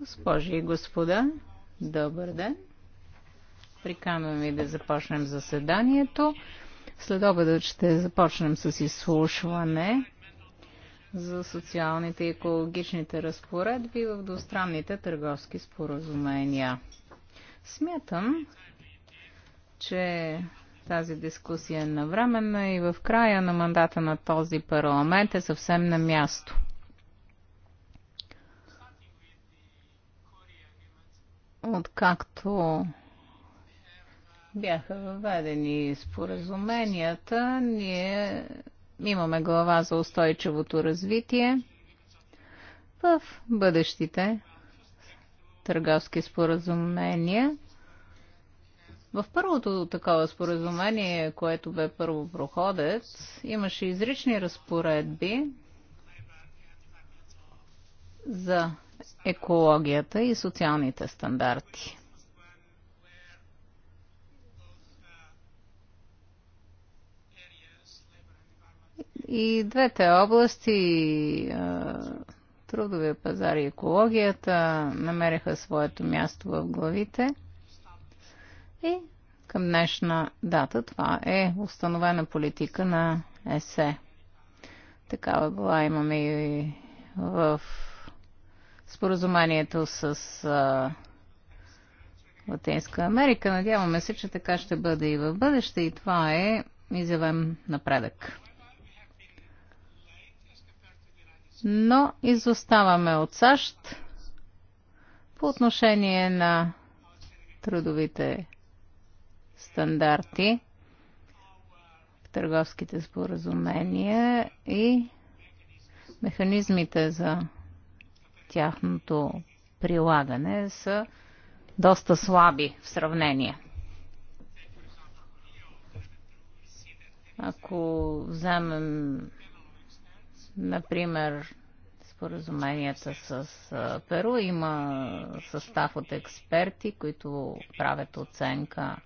Госпожи и господа, добър ден. Приканваме ви да започнем заседанието. След обедът ще започнем с изслушване за социалните и екологичните разпоредби в двустранните търговски споразумения. Смятам, че тази дискусия на навременна и в края на мандата на този парламент е съвсем на място. Откакто бяха въведени споразуменията, ние имаме глава за устойчивото развитие в бъдещите търговски споразумения в първото такова споразумение, което бе първо проходец, имаше изрични разпоредби за екологията и социалните стандарти. И двете области, трудовия пазар и екологията, намериха своето място в главите – и към днешна дата това е установена политика на ЕСЕ. Такава била имаме и в споразумението с а, Латинска Америка. Надяваме се, че така ще бъде и в бъдеще и това е изявен напредък. Но изоставаме от САЩ по отношение на трудовите стандарти в търговските споразумения и механизмите за тяхното прилагане са доста слаби в сравнение. Ако вземем, например, споразуменията с Перу, има състав от експерти, които правят оценка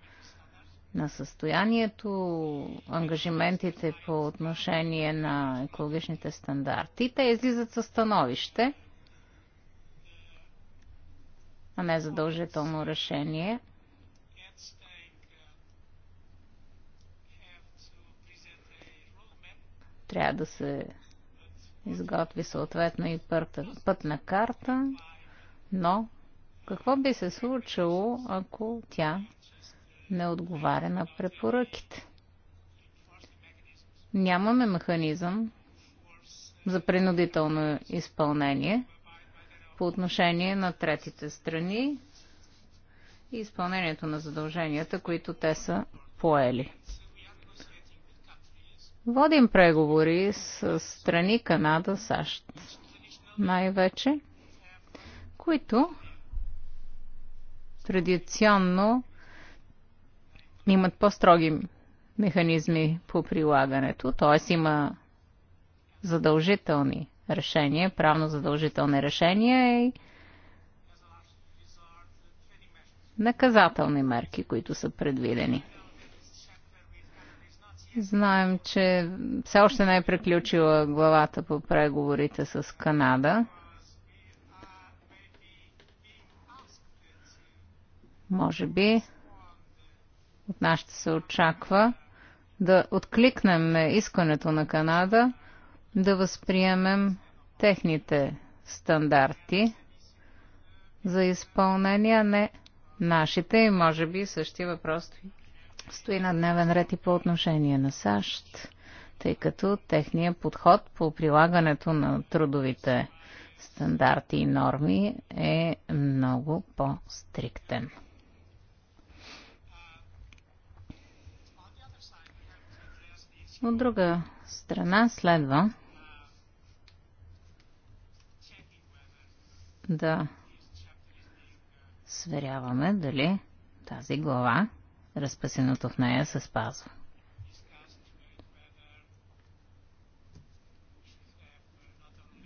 на състоянието, ангажиментите по отношение на екологичните стандарти. Те излизат със становище, а не задължително решение. Трябва да се изготви съответно и пътна карта, но какво би се случило, ако тя не отговаря на препоръките. Нямаме механизъм за принудително изпълнение по отношение на третите страни и изпълнението на задълженията, които те са поели. Водим преговори с страни Канада, САЩ най-вече, които традиционно имат по-строги механизми по прилагането, т.е. има задължителни решения, правно задължителни решения и наказателни мерки, които са предвидени. Знаем, че все още не е приключила главата по преговорите с Канада. Може би от нас ще се очаква да откликнем искането на Канада, да възприемем техните стандарти за изпълнение, а не нашите и може би същия въпрос стои на дневен ред и по отношение на САЩ, тъй като техният подход по прилагането на трудовите стандарти и норми е много по-стриктен. От друга страна следва да сверяваме дали тази глава, разпасеното в нея, се спазва.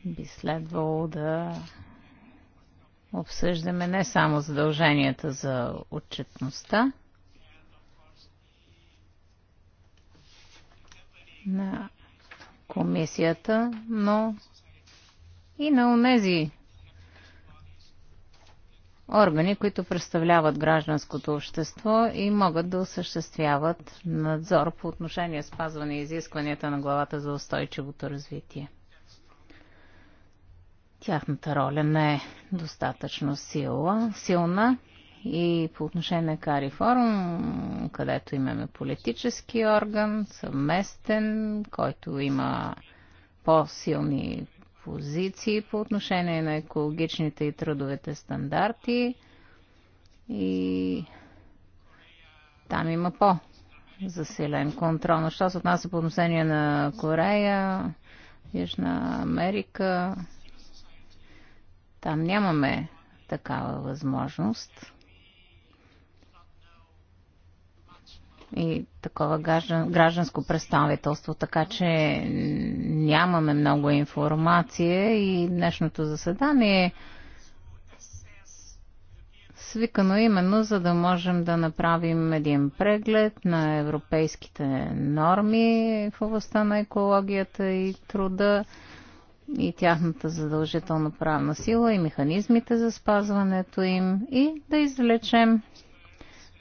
Би следвало да обсъждаме не само задълженията за отчетността, на комисията, но и на онези органи, които представляват гражданското общество и могат да осъществяват надзор по отношение спазване и изискванията на главата за устойчивото развитие. Тяхната роля не е достатъчно сила, силна и по отношение на Кари Форум, където имаме политически орган, съвместен, който има по-силни позиции по отношение на екологичните и трудовете стандарти и там има по-засилен контрол. Но що се отнася по отношение на Корея, Южна Америка, там нямаме такава възможност. и такова гражданско представителство, така че нямаме много информация и днешното заседание свикано именно за да можем да направим един преглед на европейските норми в областта на екологията и труда и тяхната задължително правна сила и механизмите за спазването им и да извлечем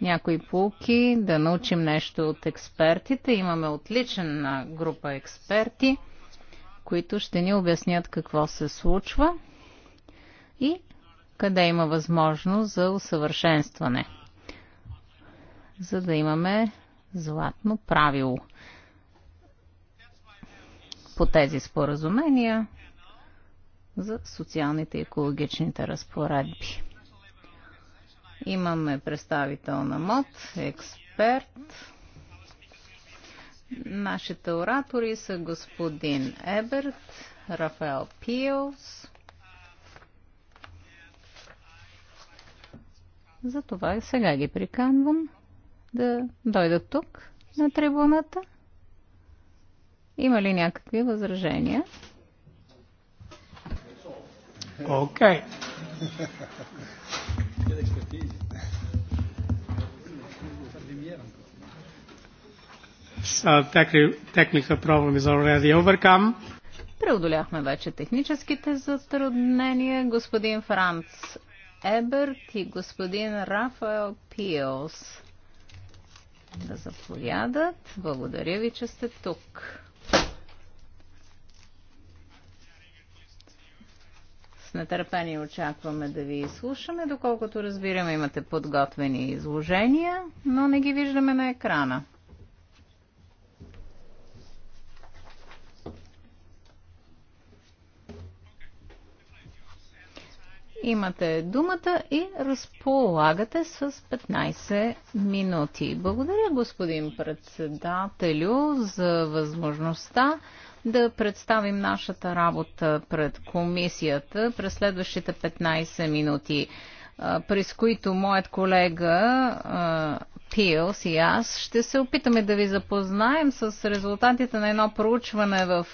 някои полки, да научим нещо от експертите. Имаме отлична група експерти, които ще ни обяснят какво се случва и къде има възможност за усъвършенстване, за да имаме златно правило по тези споразумения за социалните и екологичните разпоредби. Имаме представител на МОД, експерт. Нашите оратори са господин Еберт, Рафаел Пиелс. Затова сега ги приканвам да дойдат тук на трибуната. Има ли някакви възражения? Окей. Okay. Преодоляхме вече техническите затруднения. Господин Франц Еберт и господин Рафаел Пиос да заповядат. Благодаря ви, че сте тук. С нетърпение очакваме да ви изслушаме. Доколкото разбираме, имате подготвени изложения, но не ги виждаме на екрана. Имате думата и разполагате с 15 минути. Благодаря, господин председателю, за възможността да представим нашата работа пред комисията през следващите 15 минути, през които моят колега Пилс и аз ще се опитаме да ви запознаем с резултатите на едно проучване в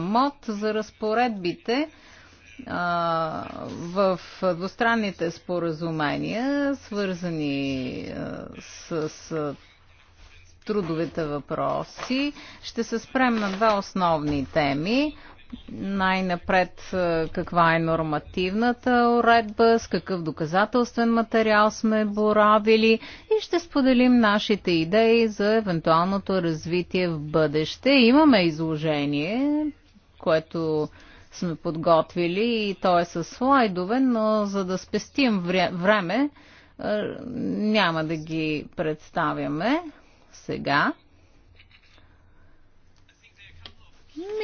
МОД за разпоредбите – в двустранните споразумения, свързани с трудовите въпроси, ще се спрем на два основни теми. Най-напред каква е нормативната уредба, с какъв доказателствен материал сме боравили и ще споделим нашите идеи за евентуалното развитие в бъдеще. Имаме изложение, което сме подготвили и то е с слайдове, но за да спестим време, е, няма да ги представяме сега.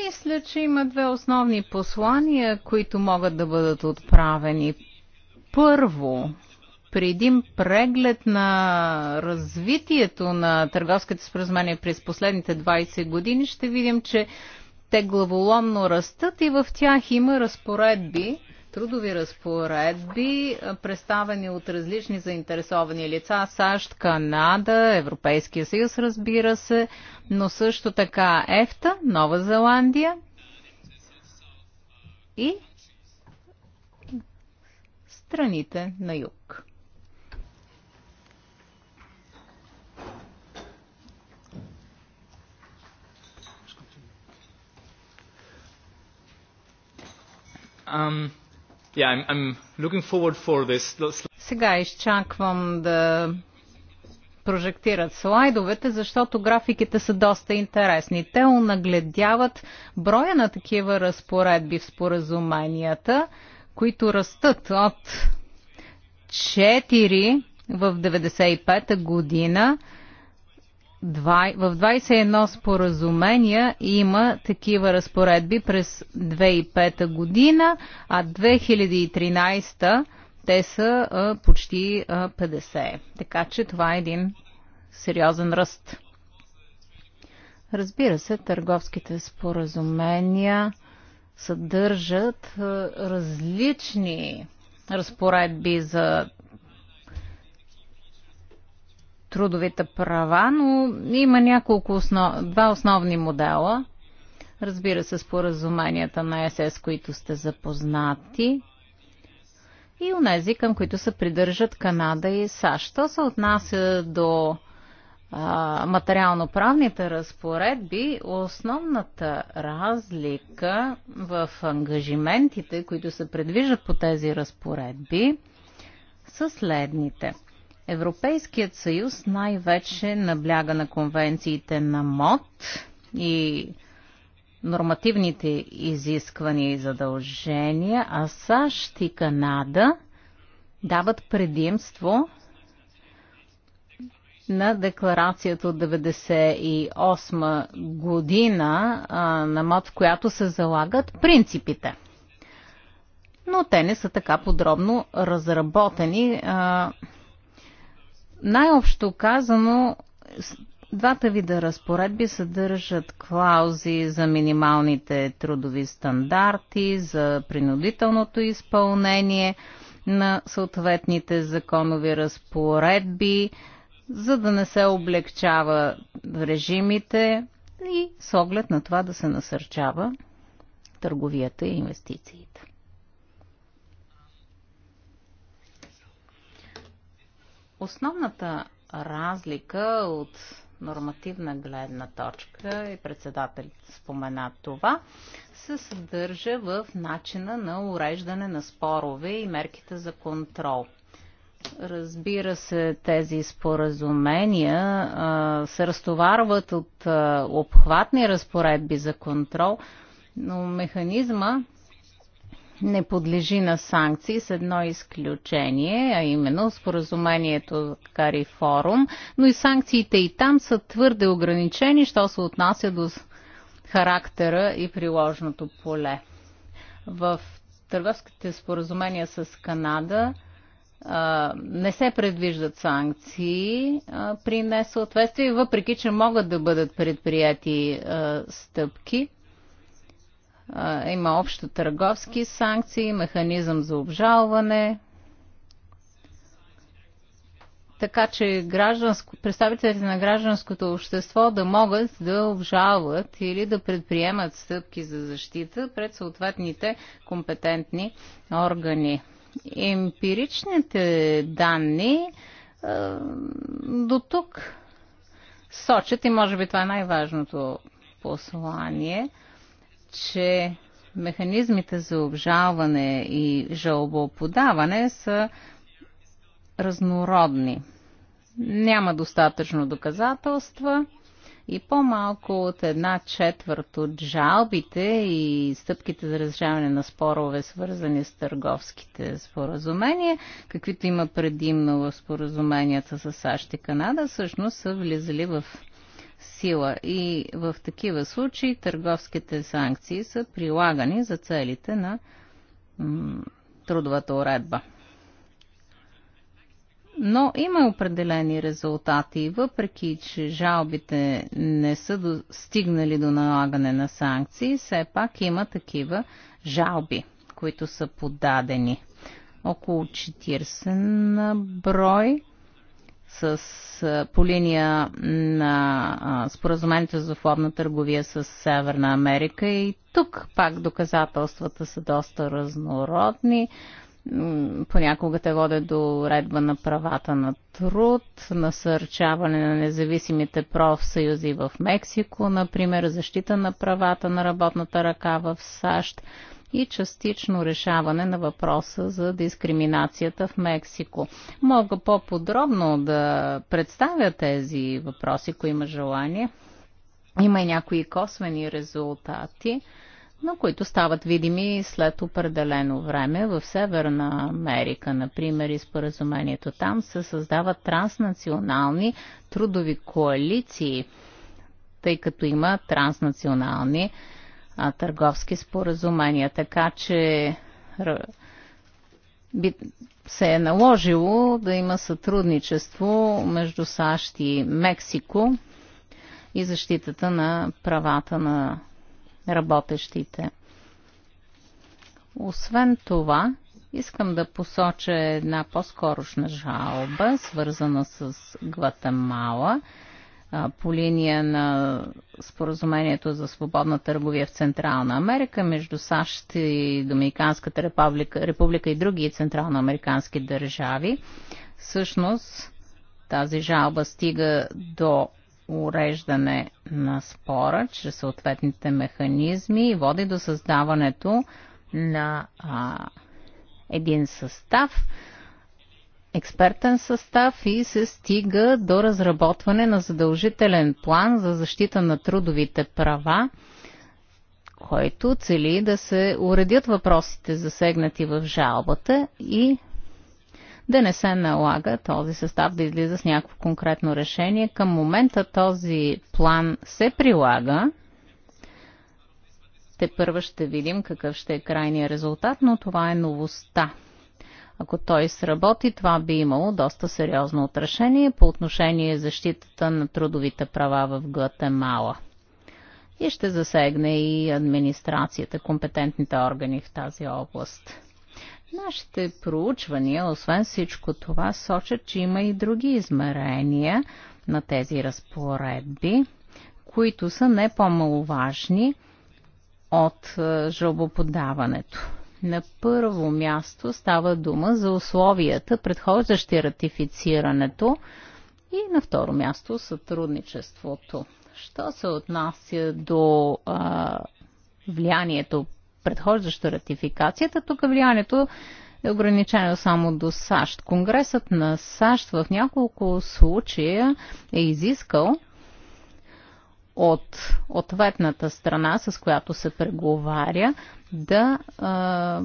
Мисля, че има две основни послания, които могат да бъдат отправени. Първо, при един преглед на развитието на търговските споразумения през последните 20 години, ще видим, че те главоломно растат и в тях има разпоредби, трудови разпоредби, представени от различни заинтересовани лица, САЩ, Канада, Европейския съюз, разбира се, но също така ЕФТА, Нова Зеландия и страните на юг. Um, Сега изчаквам да прожектират слайдовете, защото графиките са доста интересни. Те онагледяват броя на такива разпоредби в споразуменията, които растат от 4 в 95-та година в 21 споразумения има такива разпоредби през 2005 година, а 2013 те са а, почти а, 50. Така че това е един сериозен ръст. Разбира се, търговските споразумения съдържат а, различни разпоредби за трудовите права, но има няколко основ... два основни модела. Разбира се, споразуменията на ЕС, които сте запознати и унези, към които се придържат Канада и САЩ. Що се отнася до материално-правните разпоредби, основната разлика в ангажиментите, които се предвиждат по тези разпоредби, са следните – Европейският съюз най-вече набляга на конвенциите на МОД и нормативните изисквания и задължения, а САЩ и Канада дават предимство на декларацията от 1998 година а, на МОД, в която се залагат принципите. Но те не са така подробно разработени а, най-общо казано, двата вида разпоредби съдържат клаузи за минималните трудови стандарти, за принудителното изпълнение на съответните законови разпоредби, за да не се облегчава режимите и с оглед на това да се насърчава търговията и инвестициите. Основната разлика от нормативна гледна точка и председателят спомена това, се съдържа в начина на уреждане на спорове и мерките за контрол. Разбира се, тези споразумения а, се разтоварват от а, обхватни разпоредби за контрол, но механизма не подлежи на санкции с едно изключение, а именно споразумението Кари Форум, но и санкциите и там са твърде ограничени, що се отнася до характера и приложното поле. В търговските споразумения с Канада не се предвиждат санкции при несъответствие, въпреки че могат да бъдат предприяти стъпки има общо търговски санкции, механизъм за обжалване. Така че гражданско, представителите на гражданското общество да могат да обжалват или да предприемат стъпки за защита пред съответните компетентни органи. Емпиричните данни до тук сочат и може би това е най-важното послание – че механизмите за обжалване и жалбоподаване са разнородни. Няма достатъчно доказателства и по-малко от една четвърт от жалбите и стъпките за разрешаване на спорове, свързани с търговските споразумения, каквито има предимно в споразуменията с САЩ и Канада, всъщност са влизали в сила и в такива случаи търговските санкции са прилагани за целите на трудовата уредба. Но има определени резултати, въпреки че жалбите не са достигнали до налагане на санкции, все пак има такива жалби, които са подадени. Около 40 на брой с, по линия на споразумението за свободна търговия с Северна Америка и тук пак доказателствата са доста разнородни. Понякога те водят до редба на правата на труд, насърчаване на независимите профсъюзи в Мексико, например, защита на правата на работната ръка в САЩ и частично решаване на въпроса за дискриминацията в Мексико. Мога по-подробно да представя тези въпроси, ако има желание. Има и някои косвени резултати но които стават видими след определено време. В Северна Америка, например, и споразумението там се създават транснационални трудови коалиции, тъй като има транснационални а, търговски споразумения. Така че би се е наложило да има сътрудничество между САЩ и Мексико и защитата на правата на работещите. Освен това, искам да посоча една по-скорошна жалба, свързана с Гватемала по линия на споразумението за свободна търговия в Централна Америка между САЩ и Доминиканската република, република и други централноамерикански държави. Всъщност тази жалба стига до уреждане на спора чрез съответните механизми и води до създаването на а, един състав, експертен състав и се стига до разработване на задължителен план за защита на трудовите права, който цели да се уредят въпросите засегнати в жалбата и да не се налага този състав да излиза с някакво конкретно решение. Към момента този план се прилага. Те първо ще видим какъв ще е крайният резултат, но това е новостта ако той сработи, това би имало доста сериозно отрешение по отношение защитата на трудовите права в Гватемала. И ще засегне и администрацията, компетентните органи в тази област. Нашите проучвания, освен всичко това, сочат, че има и други измерения на тези разпоредби, които са не по-маловажни от е, жалбоподаването. На първо място става дума за условията, предхождащи ратифицирането и на второ място сътрудничеството. Що се отнася до а, влиянието, предхождащо ратификацията, тук влиянието е ограничено само до САЩ. Конгресът на САЩ в няколко случая е изискал от ответната страна, с която се преговаря, да а,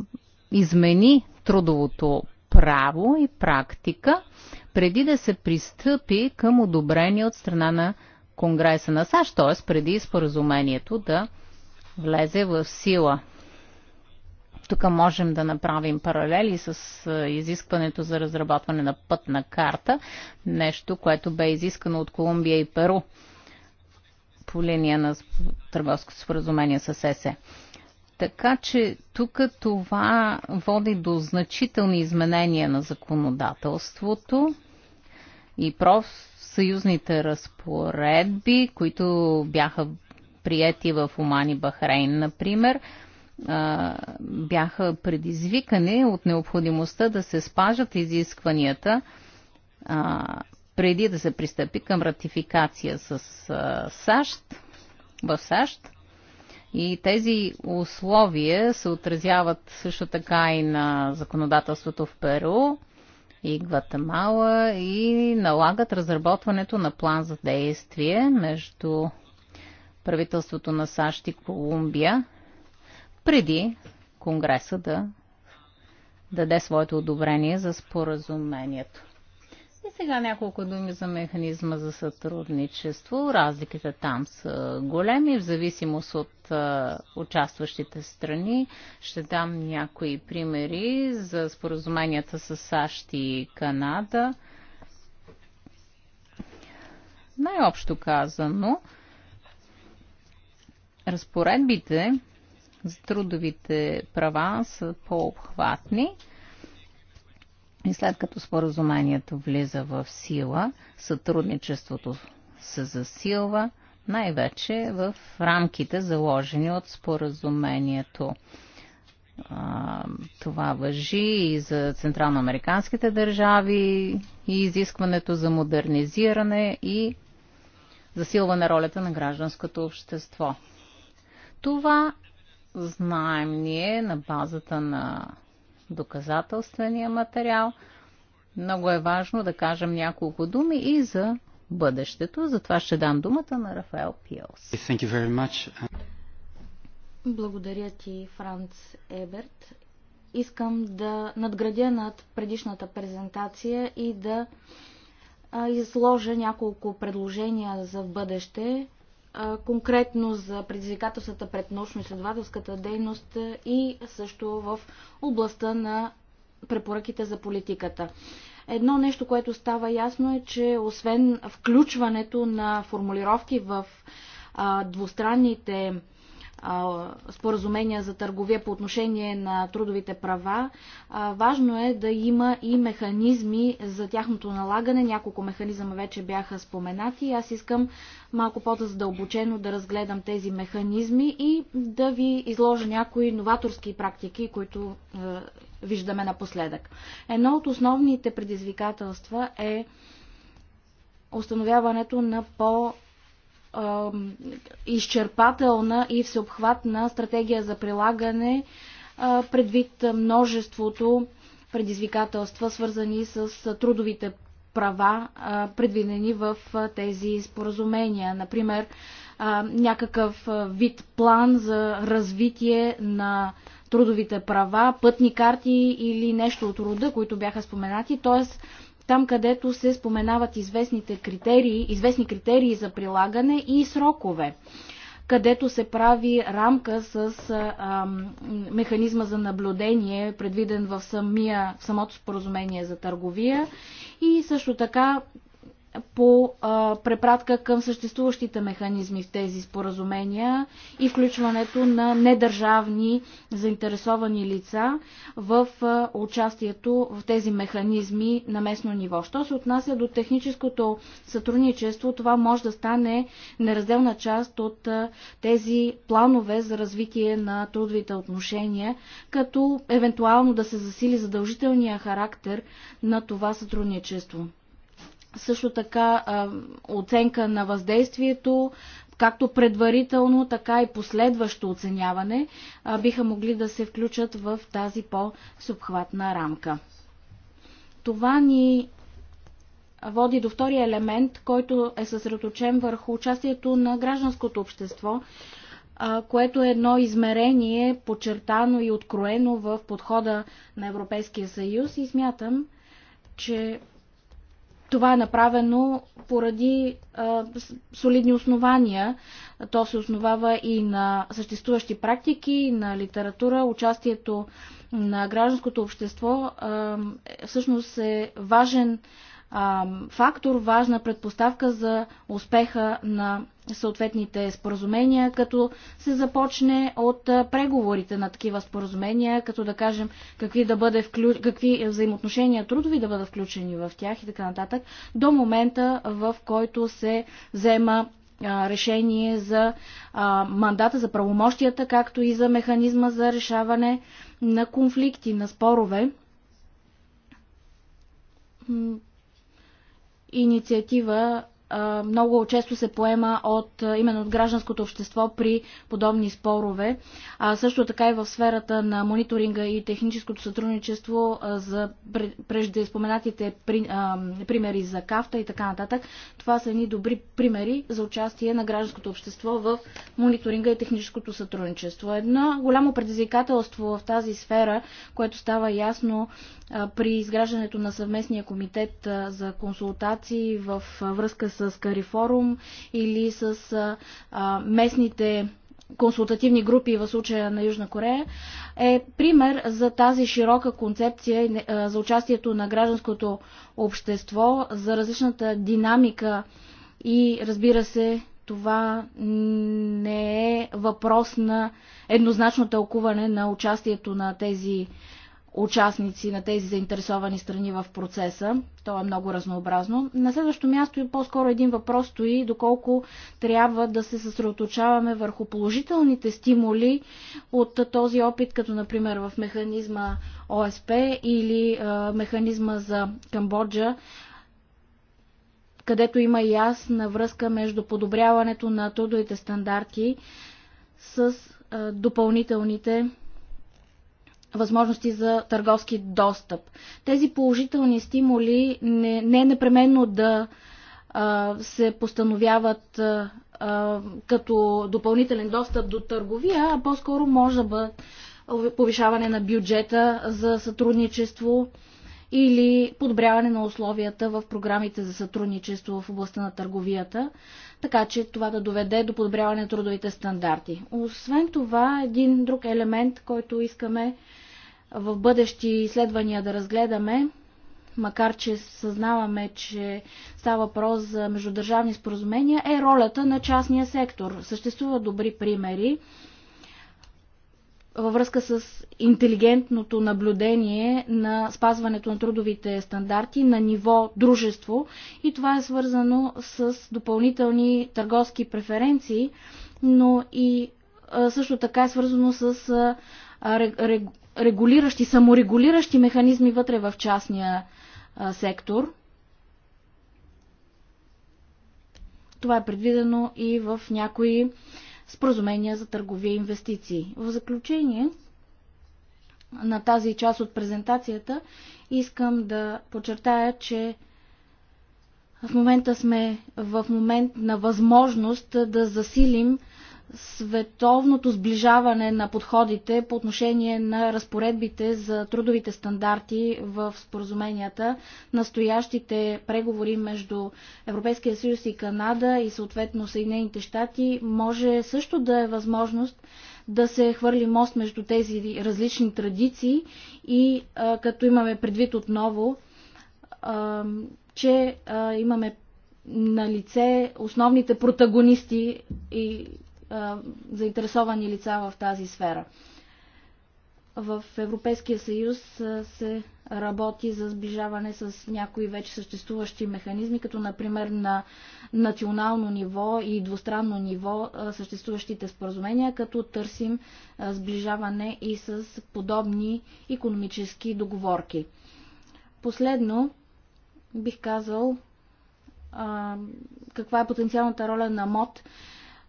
измени трудовото право и практика, преди да се пристъпи към одобрение от страна на Конгреса на САЩ, т.е. преди споразумението да влезе в сила. Тук можем да направим паралели с изискването за разработване на пътна карта, нещо, което бе изискано от Колумбия и Перу по линия на търговското споразумение с ЕСЕ. Така че тук това води до значителни изменения на законодателството и профсъюзните разпоредби, които бяха прияти в Омани Бахрейн, например, бяха предизвикани от необходимостта да се спажат изискванията преди да се пристъпи към ратификация с САЩ, в САЩ. И тези условия се отразяват също така и на законодателството в Перу и Гватемала и налагат разработването на план за действие между правителството на САЩ и Колумбия преди Конгреса да даде своето одобрение за споразумението. Сега няколко думи за механизма за сътрудничество. Разликите там са големи, в зависимост от участващите страни. Ще дам някои примери за споразуменията с САЩ и Канада. Най-общо казано, разпоредбите за трудовите права са по-обхватни и след като споразумението влиза в сила, сътрудничеството се засилва, най-вече в рамките заложени от споразумението. това въжи и за централноамериканските държави и изискването за модернизиране и засилване ролята на гражданското общество. Това знаем ние на базата на доказателствения материал. Много е важно да кажем няколко думи и за бъдещето. Затова ще дам думата на Рафаел Пиелс. Благодаря ти, Франц Еберт. Искам да надградя над предишната презентация и да изложа няколко предложения за в бъдеще, конкретно за предизвикателствата пред научно-изследователската дейност и също в областта на препоръките за политиката. Едно нещо, което става ясно е, че освен включването на формулировки в двустранните споразумения за търговия по отношение на трудовите права, важно е да има и механизми за тяхното налагане. Няколко механизма вече бяха споменати. Аз искам малко по-задълбочено да разгледам тези механизми и да ви изложа някои новаторски практики, които е, виждаме напоследък. Едно от основните предизвикателства е установяването на по- изчерпателна и всеобхватна стратегия за прилагане предвид множеството предизвикателства, свързани с трудовите права, предвидени в тези споразумения. Например, някакъв вид план за развитие на трудовите права, пътни карти или нещо от рода, които бяха споменати. Тоест, там където се споменават известните критерии, известни критерии за прилагане и срокове където се прави рамка с а, механизма за наблюдение, предвиден в, самия, в самото споразумение за търговия и също така по а, препратка към съществуващите механизми в тези споразумения и включването на недържавни заинтересовани лица в а, участието в тези механизми на местно ниво. Що се отнася до техническото сътрудничество, това може да стане неразделна част от а, тези планове за развитие на трудовите отношения, като евентуално да се засили задължителния характер на това сътрудничество също така а, оценка на въздействието, както предварително, така и последващо оценяване, а, биха могли да се включат в тази по субхватна рамка. Това ни води до втория елемент, който е съсредоточен върху участието на гражданското общество, което е едно измерение, подчертано и откроено в подхода на Европейския съюз и смятам, че това е направено поради а, солидни основания. То се основава и на съществуващи практики, и на литература. Участието на гражданското общество а, всъщност е важен фактор, важна предпоставка за успеха на съответните споразумения, като се започне от преговорите на такива споразумения, като да кажем какви, да бъде вклю... какви взаимоотношения трудови да бъдат включени в тях и така нататък, до момента в който се взема решение за мандата, за правомощията, както и за механизма за решаване на конфликти, на спорове инициатива много често се поема от, именно от гражданското общество при подобни спорове. А също така и в сферата на мониторинга и техническото сътрудничество за прежде споменатите при, а, примери за кафта и така нататък. Това са едни добри примери за участие на гражданското общество в мониторинга и техническото сътрудничество. Едно голямо предизвикателство в тази сфера, което става ясно а, при изграждането на съвместния комитет а, за консултации в а, връзка с Карифорум или с а, местните консултативни групи в случая на Южна Корея, е пример за тази широка концепция е, за участието на гражданското общество, за различната динамика и разбира се, това не е въпрос на еднозначно тълкуване на участието на тези участници на тези заинтересовани страни в процеса. То е много разнообразно. На следващо място и по-скоро един въпрос стои доколко трябва да се съсредоточаваме върху положителните стимули от този опит, като например в механизма ОСП или механизма за Камбоджа, където има ясна връзка между подобряването на трудовите стандарти с допълнителните възможности за търговски достъп. Тези положителни стимули не, не е непременно да а, се постановяват а, а, като допълнителен достъп до търговия, а по-скоро може да бъде повишаване на бюджета за сътрудничество или подобряване на условията в програмите за сътрудничество в областта на търговията, така че това да доведе до подобряване на трудовите стандарти. Освен това, един друг елемент, който искаме в бъдещи изследвания да разгледаме, макар че съзнаваме, че става въпрос за междудържавни споразумения, е ролята на частния сектор. Съществуват добри примери във връзка с интелигентното наблюдение на спазването на трудовите стандарти на ниво дружество и това е свързано с допълнителни търговски преференции, но и също така е свързано с регулиращи, саморегулиращи механизми вътре в частния а, сектор. Това е предвидено и в някои споразумения за търговия и инвестиции. В заключение на тази част от презентацията искам да подчертая, че в момента сме в момент на възможност да засилим световното сближаване на подходите по отношение на разпоредбите за трудовите стандарти в споразуменията, настоящите преговори между Европейския съюз и Канада и съответно Съединените щати може също да е възможност да се хвърли мост между тези различни традиции и като имаме предвид отново, че имаме на лице основните протагонисти и заинтересовани лица в тази сфера. В Европейския съюз се работи за сближаване с някои вече съществуващи механизми, като например на национално ниво и двустранно ниво съществуващите споразумения, като търсим сближаване и с подобни економически договорки. Последно бих казал каква е потенциалната роля на МОД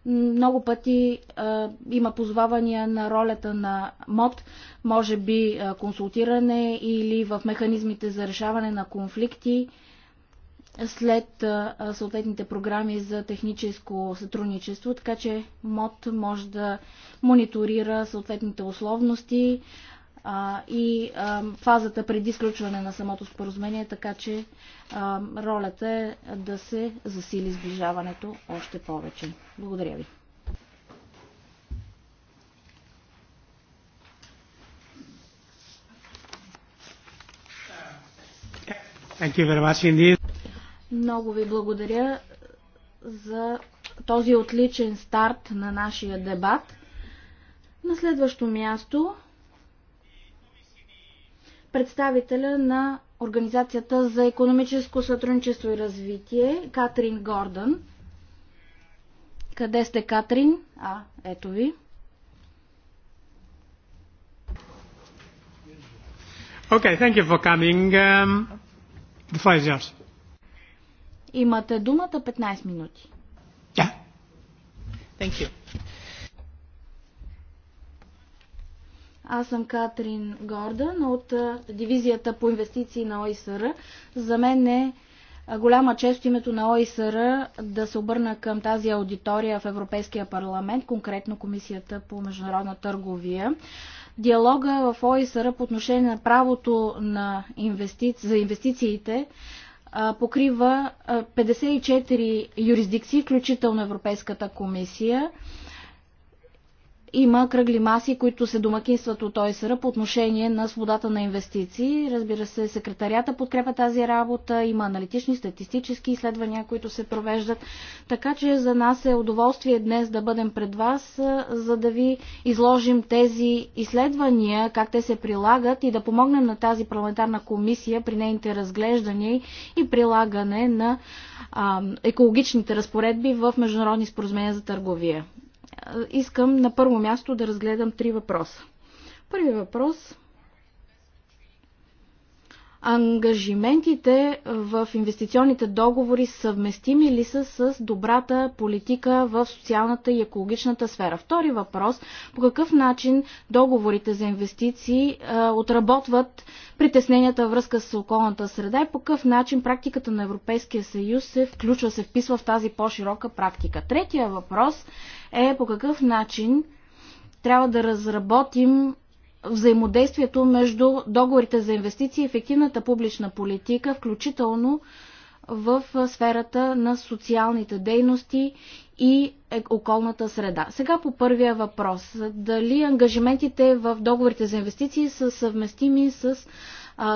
много пъти а, има позовавания на ролята на МОД, може би а, консултиране или в механизмите за решаване на конфликти след а, съответните програми за техническо сътрудничество, така че МОД може да мониторира съответните условности, а, и а, фазата преди сключване на самото споразумение, така че а, ролята е да се засили сближаването още повече. Благодаря ви. Много ви благодаря за този отличен старт на нашия дебат. На следващо място представителя на Организацията за економическо сътрудничество и развитие, Катрин Гордън. Къде сте, Катрин? А, ето ви. Okay, thank you for coming. Um, the is yours. Имате думата 15 минути. Yeah. Thank you. Аз съм Катрин Гордън от дивизията по инвестиции на ОИСР. За мен е голяма чест името на ОИСР да се обърна към тази аудитория в Европейския парламент, конкретно Комисията по международна търговия. Диалога в ОИСР по отношение на правото на инвести... за инвестициите покрива 54 юрисдикции, включително Европейската комисия има кръгли маси, които се домакинстват от ОСР по отношение на свободата на инвестиции. Разбира се, секретарията подкрепа тази работа, има аналитични, статистически изследвания, които се провеждат. Така че за нас е удоволствие днес да бъдем пред вас, за да ви изложим тези изследвания, как те се прилагат и да помогнем на тази парламентарна комисия при нейните разглеждания и прилагане на а, екологичните разпоредби в международни споразумения за търговия искам на първо място да разгледам три въпроса. Първият въпрос ангажиментите в инвестиционните договори съвместими ли са с добрата политика в социалната и екологичната сфера? Втори въпрос – по какъв начин договорите за инвестиции е, отработват притесненията във връзка с околната среда и по какъв начин практиката на Европейския съюз се включва, се вписва в тази по-широка практика? Третия въпрос – е по какъв начин трябва да разработим взаимодействието между договорите за инвестиции и ефективната публична политика, включително в сферата на социалните дейности и е, околната среда. Сега по първия въпрос. Дали ангажиментите в договорите за инвестиции са съвместими с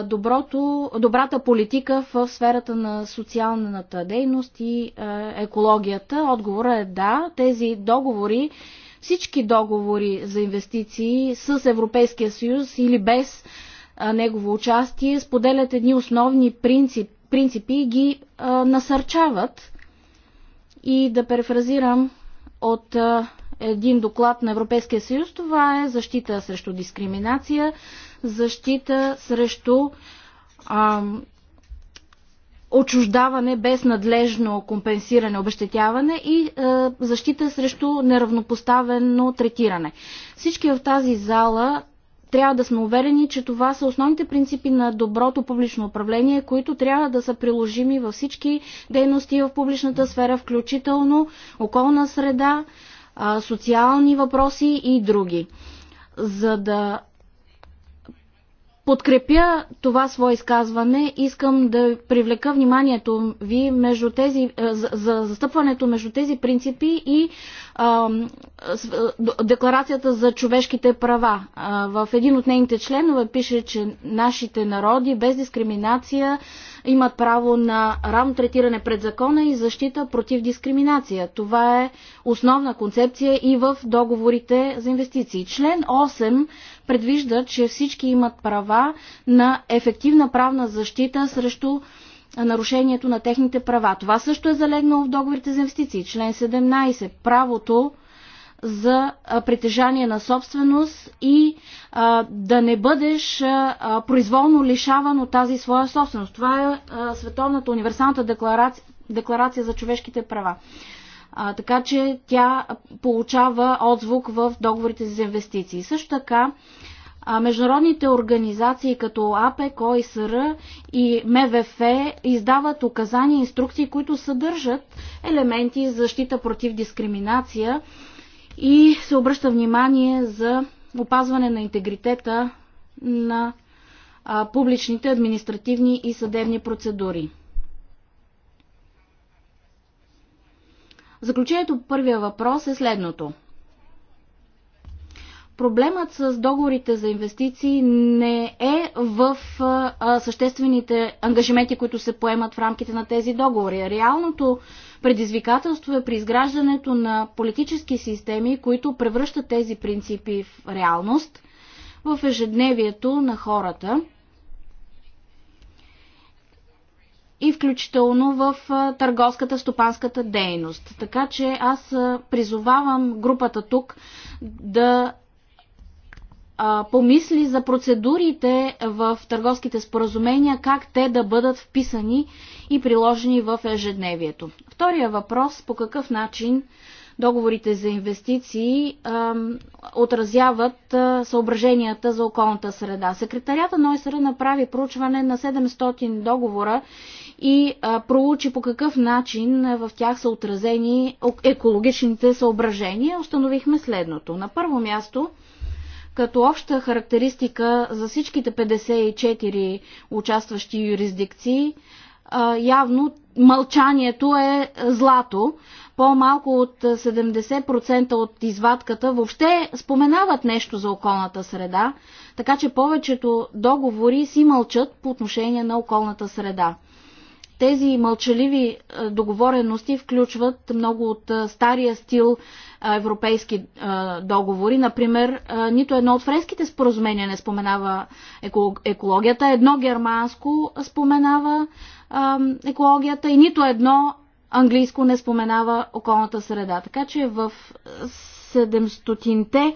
доброто, добрата политика в сферата на социалната дейност и екологията? Отговорът е да. Тези договори всички договори за инвестиции с Европейския съюз или без негово участие споделят едни основни принцип, принципи и ги а, насърчават. И да перефразирам от а, един доклад на Европейския съюз, това е защита срещу дискриминация, защита срещу а, отчуждаване без надлежно компенсиране, обещетяване и а, е, защита срещу неравнопоставено третиране. Всички в тази зала трябва да сме уверени, че това са основните принципи на доброто публично управление, които трябва да са приложими във всички дейности в публичната сфера, включително околна среда, социални въпроси и други. За да подкрепя това свое изказване. Искам да привлека вниманието ви между тези, е, за застъпването между тези принципи и е, Декларацията за човешките права. В един от нейните членове пише, че нашите народи без дискриминация имат право на равно третиране пред закона и защита против дискриминация. Това е основна концепция и в договорите за инвестиции. Член 8 предвижда, че всички имат права на ефективна правна защита срещу нарушението на техните права. Това също е залегнало в договорите за инвестиции. Член 17. Правото за притежание на собственост и а, да не бъдеш а, произволно лишаван от тази своя собственост. Това е а, Световната универсалната декларация, декларация за човешките права. А, така че тя получава отзвук в договорите за инвестиции. Също така а, международните организации като АПЕК, ОИСР и МВФ издават указания и инструкции, които съдържат елементи за защита против дискриминация и се обръща внимание за опазване на интегритета на а, публичните административни и съдебни процедури. Заключението по първия въпрос е следното. Проблемът с договорите за инвестиции не е в съществените ангажименти, които се поемат в рамките на тези договори. Реалното предизвикателство е при изграждането на политически системи, които превръщат тези принципи в реалност, в ежедневието на хората и включително в търговската, стопанската дейност. Така че аз призовавам групата тук да помисли за процедурите в търговските споразумения, как те да бъдат вписани и приложени в ежедневието. Втория въпрос, по какъв начин договорите за инвестиции а, отразяват а, съображенията за околната среда. Секретарята на ОСР направи проучване на 700 договора и а, проучи по какъв начин в тях са отразени екологичните съображения. Установихме следното. На първо място като обща характеристика за всичките 54 участващи юрисдикции, явно мълчанието е злато. По-малко от 70% от извадката въобще споменават нещо за околната среда, така че повечето договори си мълчат по отношение на околната среда. Тези мълчаливи е, договорености включват много от е, стария стил е, европейски договори. Например, нито едно от френските споразумения не споменава екологията, едно германско споменава екологията и нито едно английско не споменава околната среда. Така че в 700-те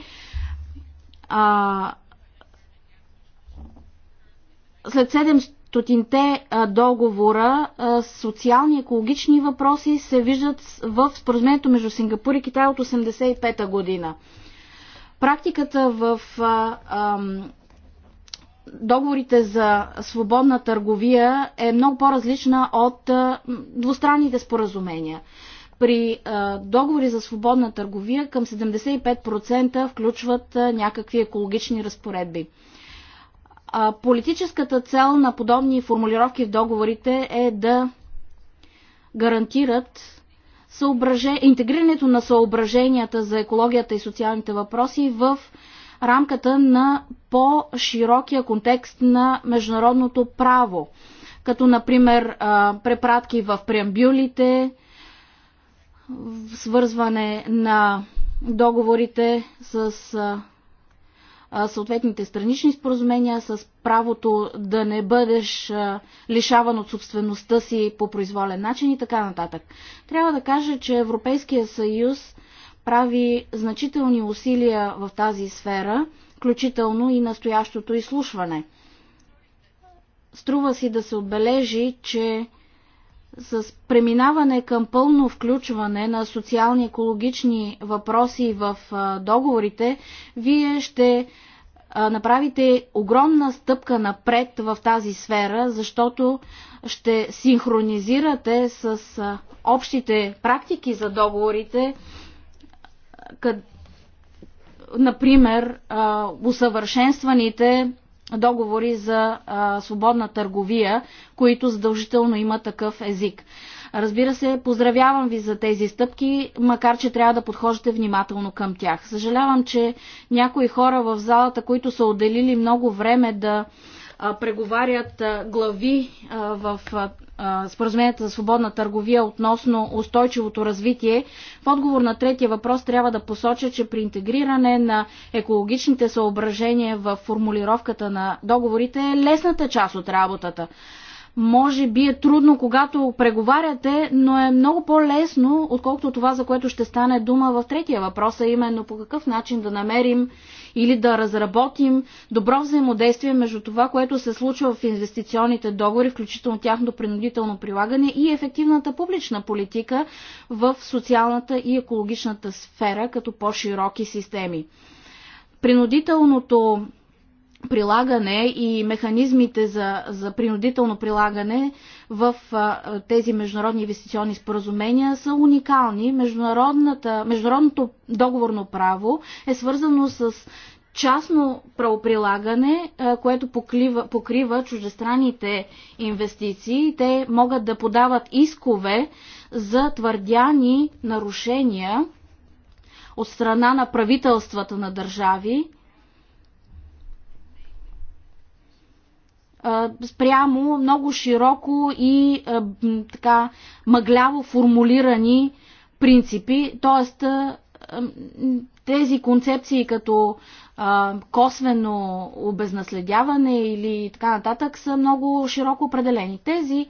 след 700 стотинте договора социални и екологични въпроси се виждат в споразумението между Сингапур и Китай от 1985 година. Практиката в договорите за свободна търговия е много по-различна от двустранните споразумения. При договори за свободна търговия към 75% включват някакви екологични разпоредби политическата цел на подобни формулировки в договорите е да гарантират съображе... интегрирането на съображенията за екологията и социалните въпроси в рамката на по-широкия контекст на международното право, като например препратки в преамбюлите, свързване на договорите с съответните странични споразумения с правото да не бъдеш лишаван от собствеността си по произволен начин и така нататък. Трябва да кажа, че Европейския съюз прави значителни усилия в тази сфера, включително и настоящото изслушване. Струва си да се отбележи, че с преминаване към пълно включване на социални екологични въпроси в договорите, вие ще направите огромна стъпка напред в тази сфера, защото ще синхронизирате с общите практики за договорите, къд, например, усъвършенстваните договори за а, свободна търговия, които задължително има такъв език. Разбира се, поздравявам ви за тези стъпки, макар че трябва да подхождате внимателно към тях. Съжалявам, че някои хора в залата, които са отделили много време да преговарят глави в споразумението за свободна търговия относно устойчивото развитие. В отговор на третия въпрос трябва да посоча, че при интегриране на екологичните съображения в формулировката на договорите е лесната част от работата. Може би е трудно, когато преговаряте, но е много по-лесно, отколкото това, за което ще стане дума в третия въпрос, а именно по какъв начин да намерим или да разработим добро взаимодействие между това, което се случва в инвестиционните договори, включително тяхното принудително прилагане и ефективната публична политика в социалната и екологичната сфера като по-широки системи. Принудителното прилагане и механизмите за, за принудително прилагане в а, тези международни инвестиционни споразумения са уникални. международното договорно право е свързано с частно правоприлагане, което поклива, покрива чуждестранните инвестиции. Те могат да подават искове за твърдяни нарушения от страна на правителствата на държави, спрямо много широко и така мъгляво формулирани принципи, т.е. тези концепции като косвено обезнаследяване или така нататък са много широко определени. Тези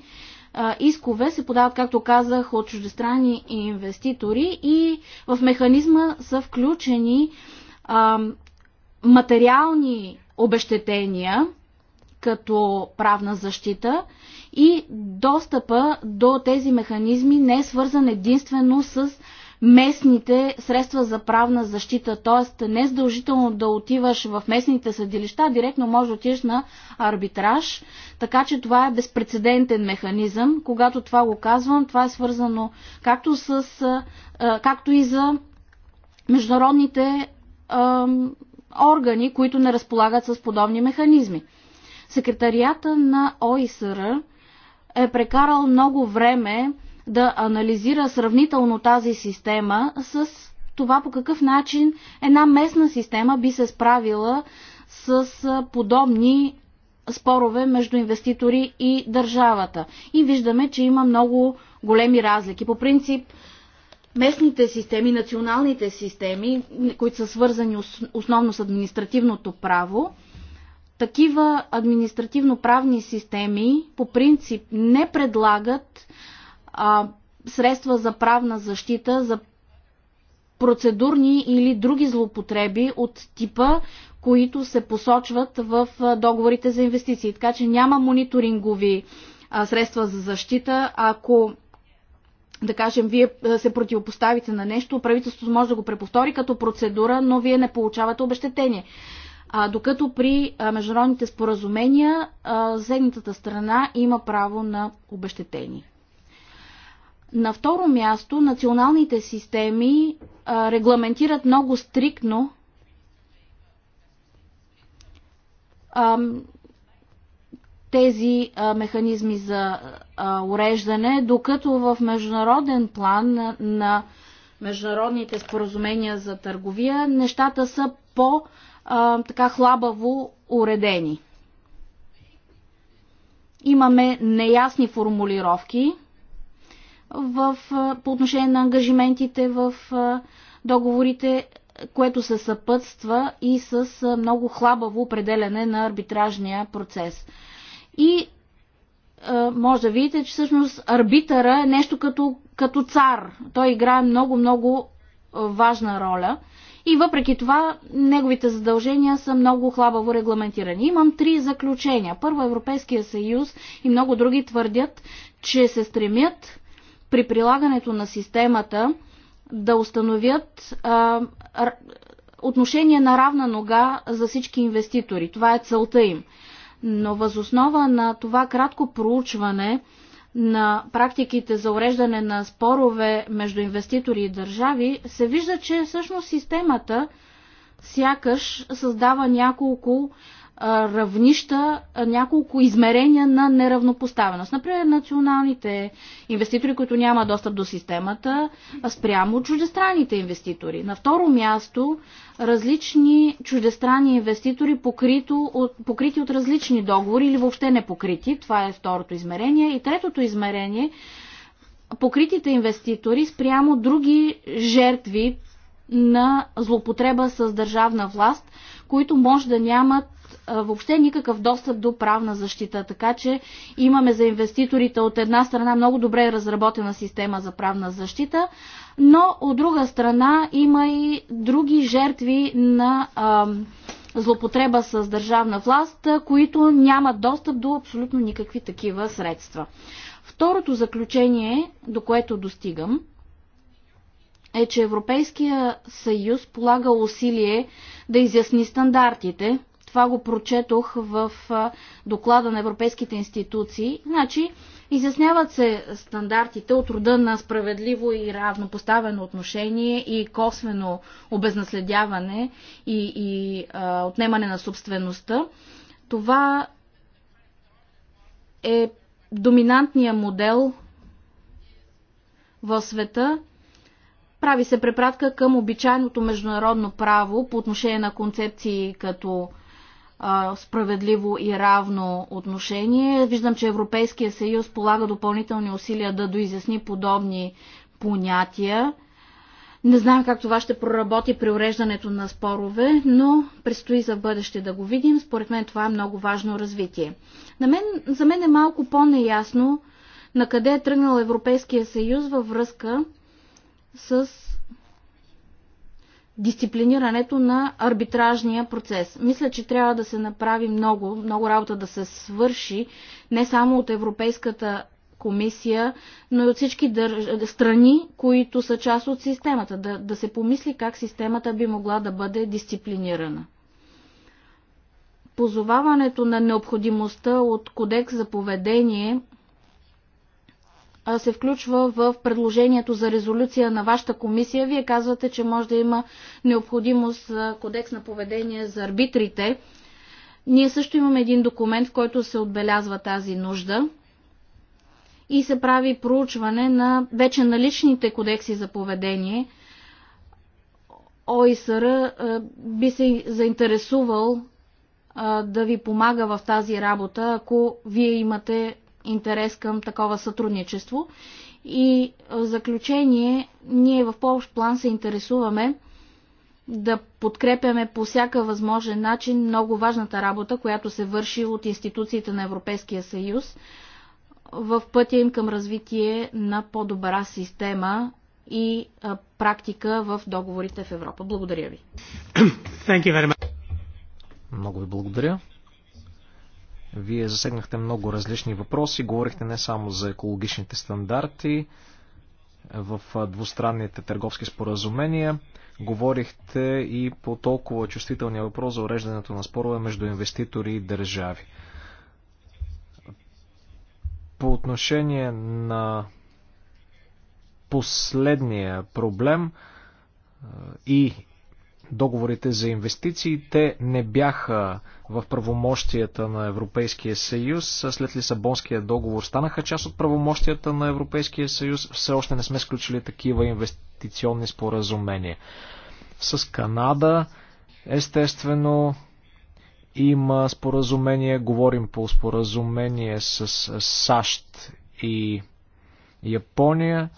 искове се подават, както казах, от чуждестранни инвеститори и в механизма са включени материални обещетения, като правна защита и достъпа до тези механизми не е свързан единствено с местните средства за правна защита, т.е. не е задължително да отиваш в местните съдилища, директно може да отидеш на арбитраж, така че това е безпредседентен механизъм. Когато това го казвам, това е свързано както, с, както и за международните органи, които не разполагат с подобни механизми. Секретарията на ОИСР е прекарал много време да анализира сравнително тази система с това по какъв начин една местна система би се справила с подобни спорове между инвеститори и държавата. И виждаме, че има много големи разлики. По принцип, местните системи, националните системи, които са свързани основно с административното право, такива административно-правни системи по принцип не предлагат а, средства за правна защита, за процедурни или други злоупотреби от типа, които се посочват в договорите за инвестиции. Така че няма мониторингови а, средства за защита. Ако да кажем, вие се противопоставите на нещо, правителството може да го преповтори като процедура, но вие не получавате обещетение. А, докато при а, международните споразумения а, седнитата страна има право на обещетение. На второ място, националните системи а, регламентират много стриктно а, тези а, механизми за а, уреждане, докато в международен план на, на международните споразумения за търговия нещата са по- а, така хлабаво уредени. Имаме неясни формулировки в, по отношение на ангажиментите в договорите, което се съпътства и с много хлабаво определяне на арбитражния процес. И може да видите, че всъщност арбитъра е нещо като, като цар. Той играе много-много важна роля и въпреки това неговите задължения са много хлабаво регламентирани. Имам три заключения. Първо, Европейския съюз и много други твърдят, че се стремят при прилагането на системата да установят а, отношение на равна нога за всички инвеститори. Това е целта им. Но възоснова на това кратко проучване, на практиките за уреждане на спорове между инвеститори и държави, се вижда, че всъщност системата сякаш създава няколко равнища, няколко измерения на неравнопоставеност. Например, националните инвеститори, които няма достъп до системата, спрямо чуждестранните инвеститори. На второ място, различни чуждестранни инвеститори, покрито от, покрити от различни договори или въобще не покрити. Това е второто измерение. И третото измерение, покритите инвеститори спрямо други жертви на злопотреба с държавна власт, които може да нямат въобще никакъв достъп до правна защита. Така че имаме за инвеститорите от една страна много добре разработена система за правна защита, но от друга страна има и други жертви на а, злопотреба с държавна власт, които нямат достъп до абсолютно никакви такива средства. Второто заключение, до което достигам, е, че Европейския съюз полага усилие да изясни стандартите, това го прочетох в доклада на европейските институции. Значи, изясняват се стандартите от рода на справедливо и равнопоставено отношение и косвено обезнаследяване и, и а, отнемане на собствеността. Това е доминантния модел в света. Прави се препратка към обичайното международно право по отношение на концепции като справедливо и равно отношение. Виждам, че Европейския съюз полага допълнителни усилия да доизясни подобни понятия. Не знам как това ще проработи при уреждането на спорове, но предстои за бъдеще да го видим. Според мен това е много важно развитие. На мен, за мен е малко по-неясно на къде е тръгнал Европейския съюз във връзка с дисциплинирането на арбитражния процес. Мисля, че трябва да се направи много, много работа да се свърши, не само от Европейската комисия, но и от всички дър... страни, които са част от системата. Да, да се помисли как системата би могла да бъде дисциплинирана. Позоваването на необходимостта от кодекс за поведение се включва в предложението за резолюция на вашата комисия. Вие казвате, че може да има необходимост за кодекс на поведение за арбитрите. Ние също имаме един документ, в който се отбелязва тази нужда и се прави проучване на вече наличните кодекси за поведение. ОИСР би се заинтересувал да ви помага в тази работа, ако вие имате интерес към такова сътрудничество. И в заключение, ние в по-общ план се интересуваме да подкрепяме по всяка възможен начин много важната работа, която се върши от институциите на Европейския съюз в пътя им към развитие на по-добра система и практика в договорите в Европа. Благодаря ви. Много ви благодаря. Вие засегнахте много различни въпроси, говорихте не само за екологичните стандарти в двустранните търговски споразумения, говорихте и по толкова чувствителния въпрос за уреждането на спорове между инвеститори и държави. По отношение на последния проблем и договорите за инвестиции. Те не бяха в правомощията на Европейския съюз. След Лисабонския договор станаха част от правомощията на Европейския съюз. Все още не сме сключили такива инвестиционни споразумения. С Канада, естествено, има споразумение. Говорим по споразумение с САЩ и Япония.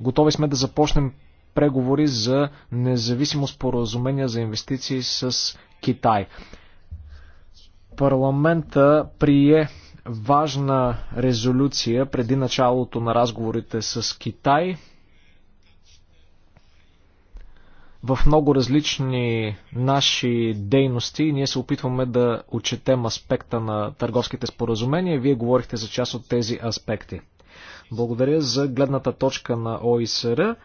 Готови сме да започнем преговори за независимо споразумение за инвестиции с Китай. Парламента прие важна резолюция преди началото на разговорите с Китай в много различни наши дейности ние се опитваме да отчетем аспекта на търговските споразумения. Вие говорихте за част от тези аспекти. Благодаря за гледната точка на ОИСР.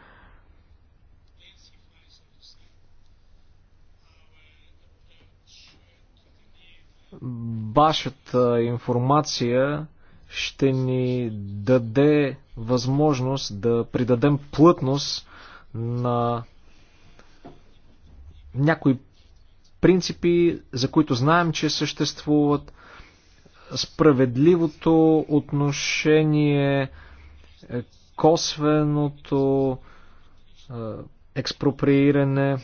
вашата информация ще ни даде възможност да придадем плътност на някои принципи, за които знаем, че съществуват, справедливото отношение, косвеното е, експроприиране,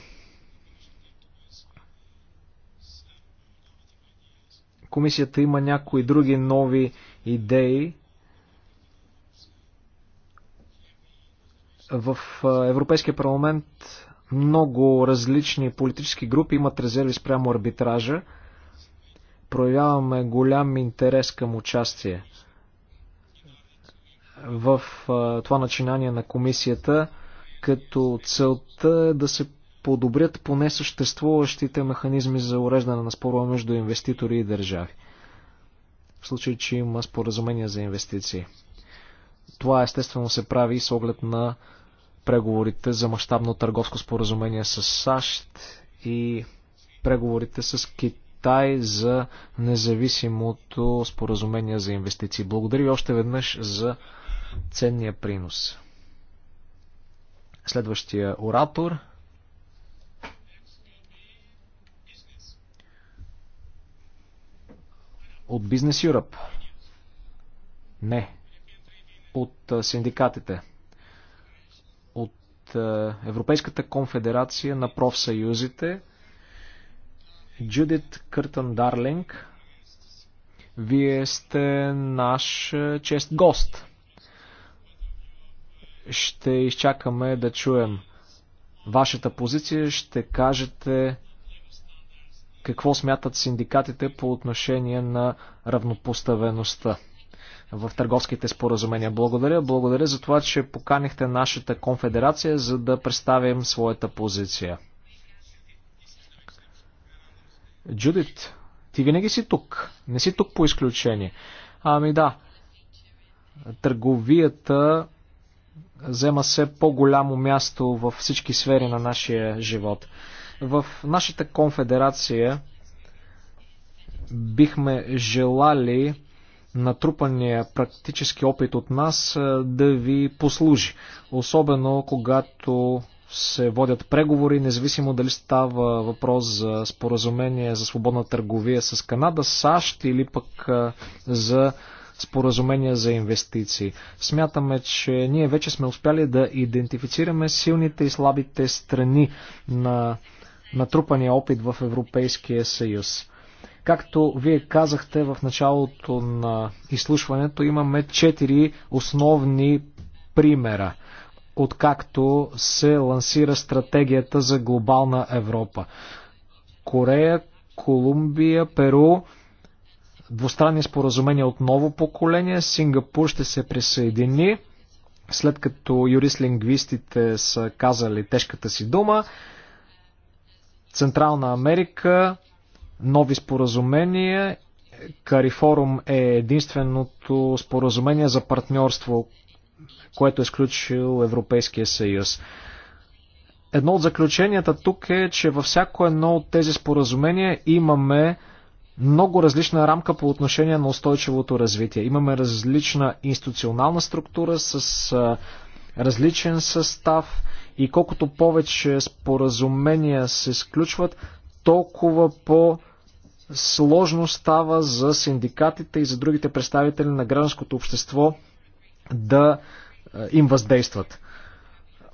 Комисията има някои други нови идеи. В Европейския парламент много различни политически групи имат резерви спрямо арбитража. Проявяваме голям интерес към участие в това начинание на комисията, като целта е да се подобрят поне съществуващите механизми за уреждане на спорове между инвеститори и държави. В случай, че има споразумения за инвестиции. Това естествено се прави и с оглед на преговорите за мащабно търговско споразумение с САЩ и преговорите с Китай за независимото споразумение за инвестиции. Благодаря ви още веднъж за ценния принос. Следващия оратор От бизнес Юръп? Не. От синдикатите? От Европейската конфедерация на профсъюзите? Джудит Къртън Дарлинг, вие сте наш чест гост. Ще изчакаме да чуем вашата позиция, ще кажете какво смятат синдикатите по отношение на равнопоставеността в търговските споразумения. Благодаря. Благодаря за това, че поканихте нашата конфедерация, за да представим своята позиция. Джудит, ти винаги си тук. Не си тук по изключение. Ами да, търговията взема все по-голямо място във всички сфери на нашия живот. В нашата конфедерация бихме желали натрупания практически опит от нас да ви послужи. Особено когато се водят преговори, независимо дали става въпрос за споразумение за свободна търговия с Канада, САЩ или пък за споразумение за инвестиции. Смятаме, че ние вече сме успяли да идентифицираме силните и слабите страни на натрупания опит в Европейския съюз. Както вие казахте в началото на изслушването, имаме четири основни примера, откакто се лансира стратегията за глобална Европа. Корея, Колумбия, Перу, двустранни споразумения от ново поколение, Сингапур ще се присъедини, след като юрист-лингвистите са казали тежката си дума, Централна Америка, нови споразумения. Карифорум е единственото споразумение за партньорство, което е сключил Европейския съюз. Едно от заключенията тук е, че във всяко едно от тези споразумения имаме много различна рамка по отношение на устойчивото развитие. Имаме различна институционална структура с различен състав, и колкото повече споразумения се сключват, толкова по- сложно става за синдикатите и за другите представители на гражданското общество да е, им въздействат.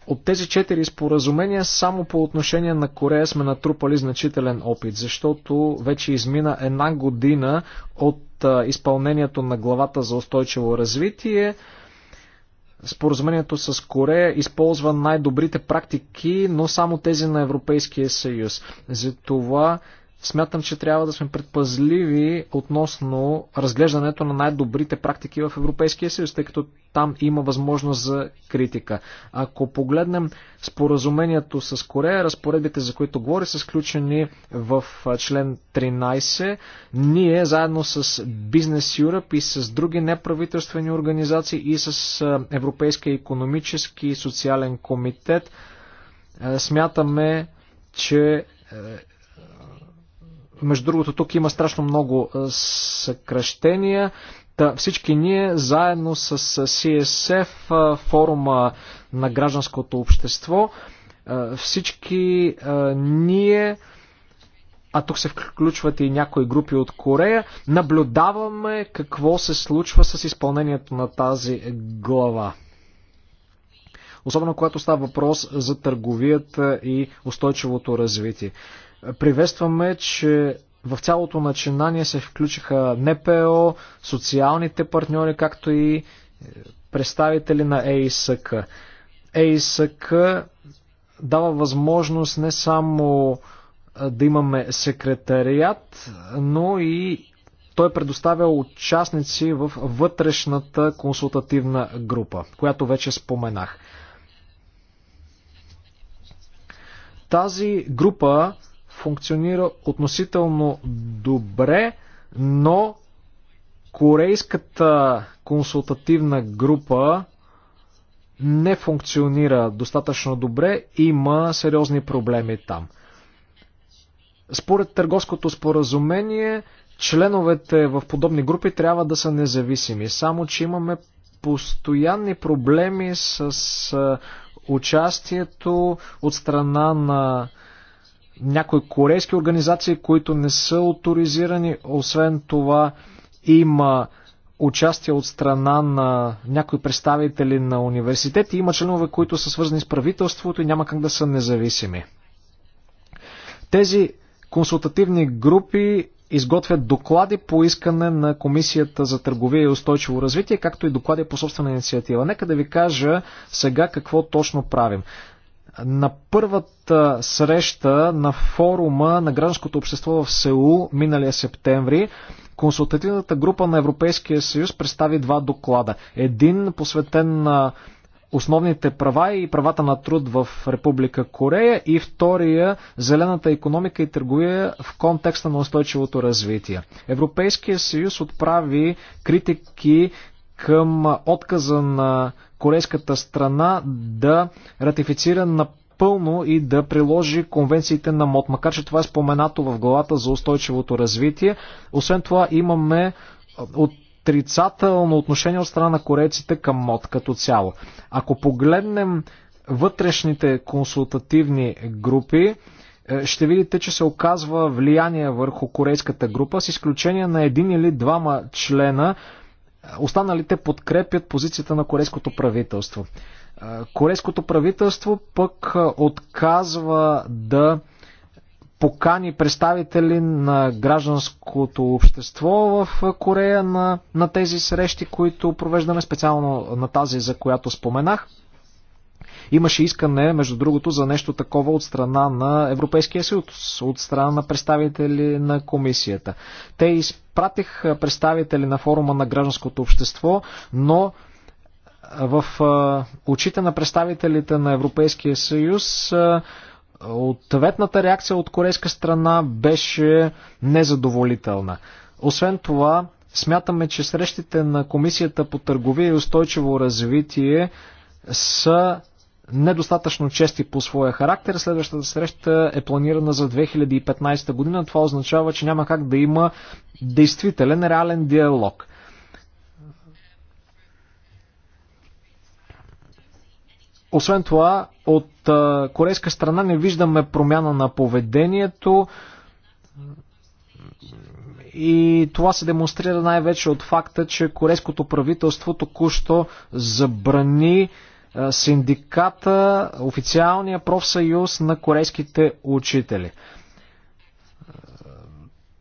От тези четири споразумения само по отношение на Корея сме натрупали значителен опит, защото вече измина една година от е, изпълнението на главата за устойчиво развитие. Споразумението с Корея използва най-добрите практики, но само тези на Европейския съюз. Затова Смятам, че трябва да сме предпазливи относно разглеждането на най-добрите практики в Европейския съюз, тъй като там има възможност за критика. Ако погледнем споразумението с Корея, разпоредите, за които говори, са сключени в член 13. Ние, заедно с Business Europe и с други неправителствени организации и с Европейския економически и социален комитет, смятаме, че между другото, тук има страшно много съкръщения. Та, всички ние, заедно с CSF, форума на гражданското общество, всички ние, а тук се включват и някои групи от Корея, наблюдаваме какво се случва с изпълнението на тази глава. Особено когато става въпрос за търговията и устойчивото развитие. Приветстваме, че в цялото начинание се включиха НПО, социалните партньори, както и е, представители на ЕИСК. ЕИСК дава възможност не само е, да имаме секретариат, но и той предоставя участници в вътрешната консултативна група, която вече споменах. Тази група функционира относително добре, но корейската консултативна група не функционира достатъчно добре, има сериозни проблеми там. Според търговското споразумение, членовете в подобни групи трябва да са независими, само че имаме постоянни проблеми с участието от страна на някои корейски организации, които не са авторизирани. Освен това има участие от страна на някои представители на университети. Има членове, които са свързани с правителството и няма как да са независими. Тези консултативни групи изготвят доклади по искане на Комисията за търговия и устойчиво развитие, както и доклади по собствена инициатива. Нека да ви кажа сега какво точно правим. На първата среща на форума на гражданското общество в Сеул миналия септември, консултативната група на Европейския съюз представи два доклада. Един посветен на основните права и правата на труд в Република Корея и втория зелената економика и търговия в контекста на устойчивото развитие. Европейския съюз отправи критики към отказа на корейската страна да ратифицира напълно и да приложи конвенциите на МОД, макар че това е споменато в главата за устойчивото развитие. Освен това имаме отрицателно отношение от страна на корейците към МОД като цяло. Ако погледнем вътрешните консултативни групи, е, ще видите, че се оказва влияние върху корейската група, с изключение на един или двама члена, Останалите подкрепят позицията на корейското правителство. Корейското правителство пък отказва да покани представители на гражданското общество в Корея на, на тези срещи, които провеждаме специално на тази, за която споменах. Имаше искане, между другото, за нещо такова от страна на Европейския съюз, от страна на представители на комисията. Те изпратих представители на форума на гражданското общество, но в очите на представителите на Европейския съюз ответната реакция от корейска страна беше незадоволителна. Освен това, смятаме, че срещите на Комисията по търговия и устойчиво развитие са недостатъчно чести по своя характер. Следващата среща е планирана за 2015 година. Това означава, че няма как да има действителен, реален диалог. Освен това, от корейска страна не виждаме промяна на поведението и това се демонстрира най-вече от факта, че корейското правителство току-що забрани синдиката, официалния профсъюз на корейските учители.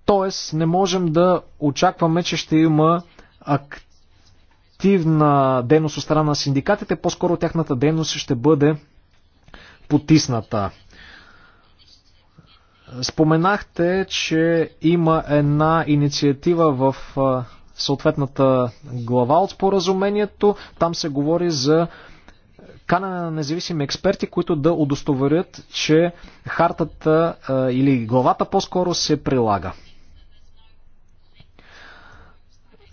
Тоест, не можем да очакваме, че ще има активна дейност от страна на синдикатите, по-скоро тяхната дейност ще бъде потисната. Споменахте, че има една инициатива в съответната глава от споразумението. Там се говори за канене на независими експерти, които да удостоверят, че хартата или главата по-скоро се прилага.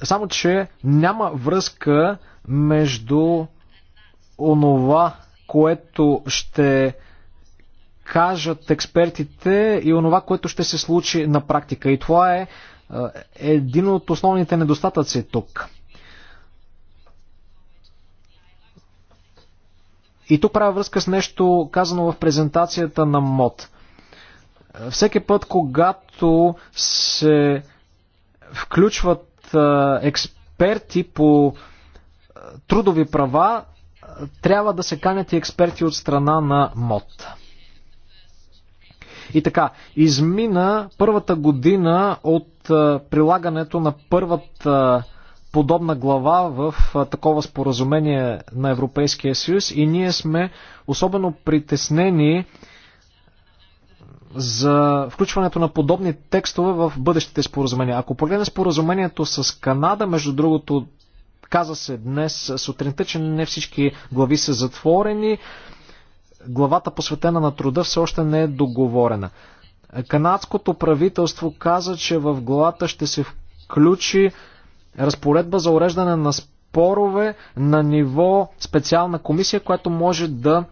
Само, че няма връзка между онова, което ще кажат експертите и онова, което ще се случи на практика. И това е един от основните недостатъци тук. И тук правя връзка с нещо казано в презентацията на МОД. Всеки път, когато се включват експерти по трудови права, трябва да се канят и експерти от страна на МОД. И така, измина първата година от прилагането на първата подобна глава в такова споразумение на Европейския съюз и ние сме особено притеснени за включването на подобни текстове в бъдещите споразумения. Ако погледнем споразумението с Канада, между другото, каза се днес сутринта, че не всички глави са затворени, главата посветена на труда все още не е договорена. Канадското правителство каза, че в главата ще се включи разпоредба за уреждане на спорове на ниво специална комисия, която може да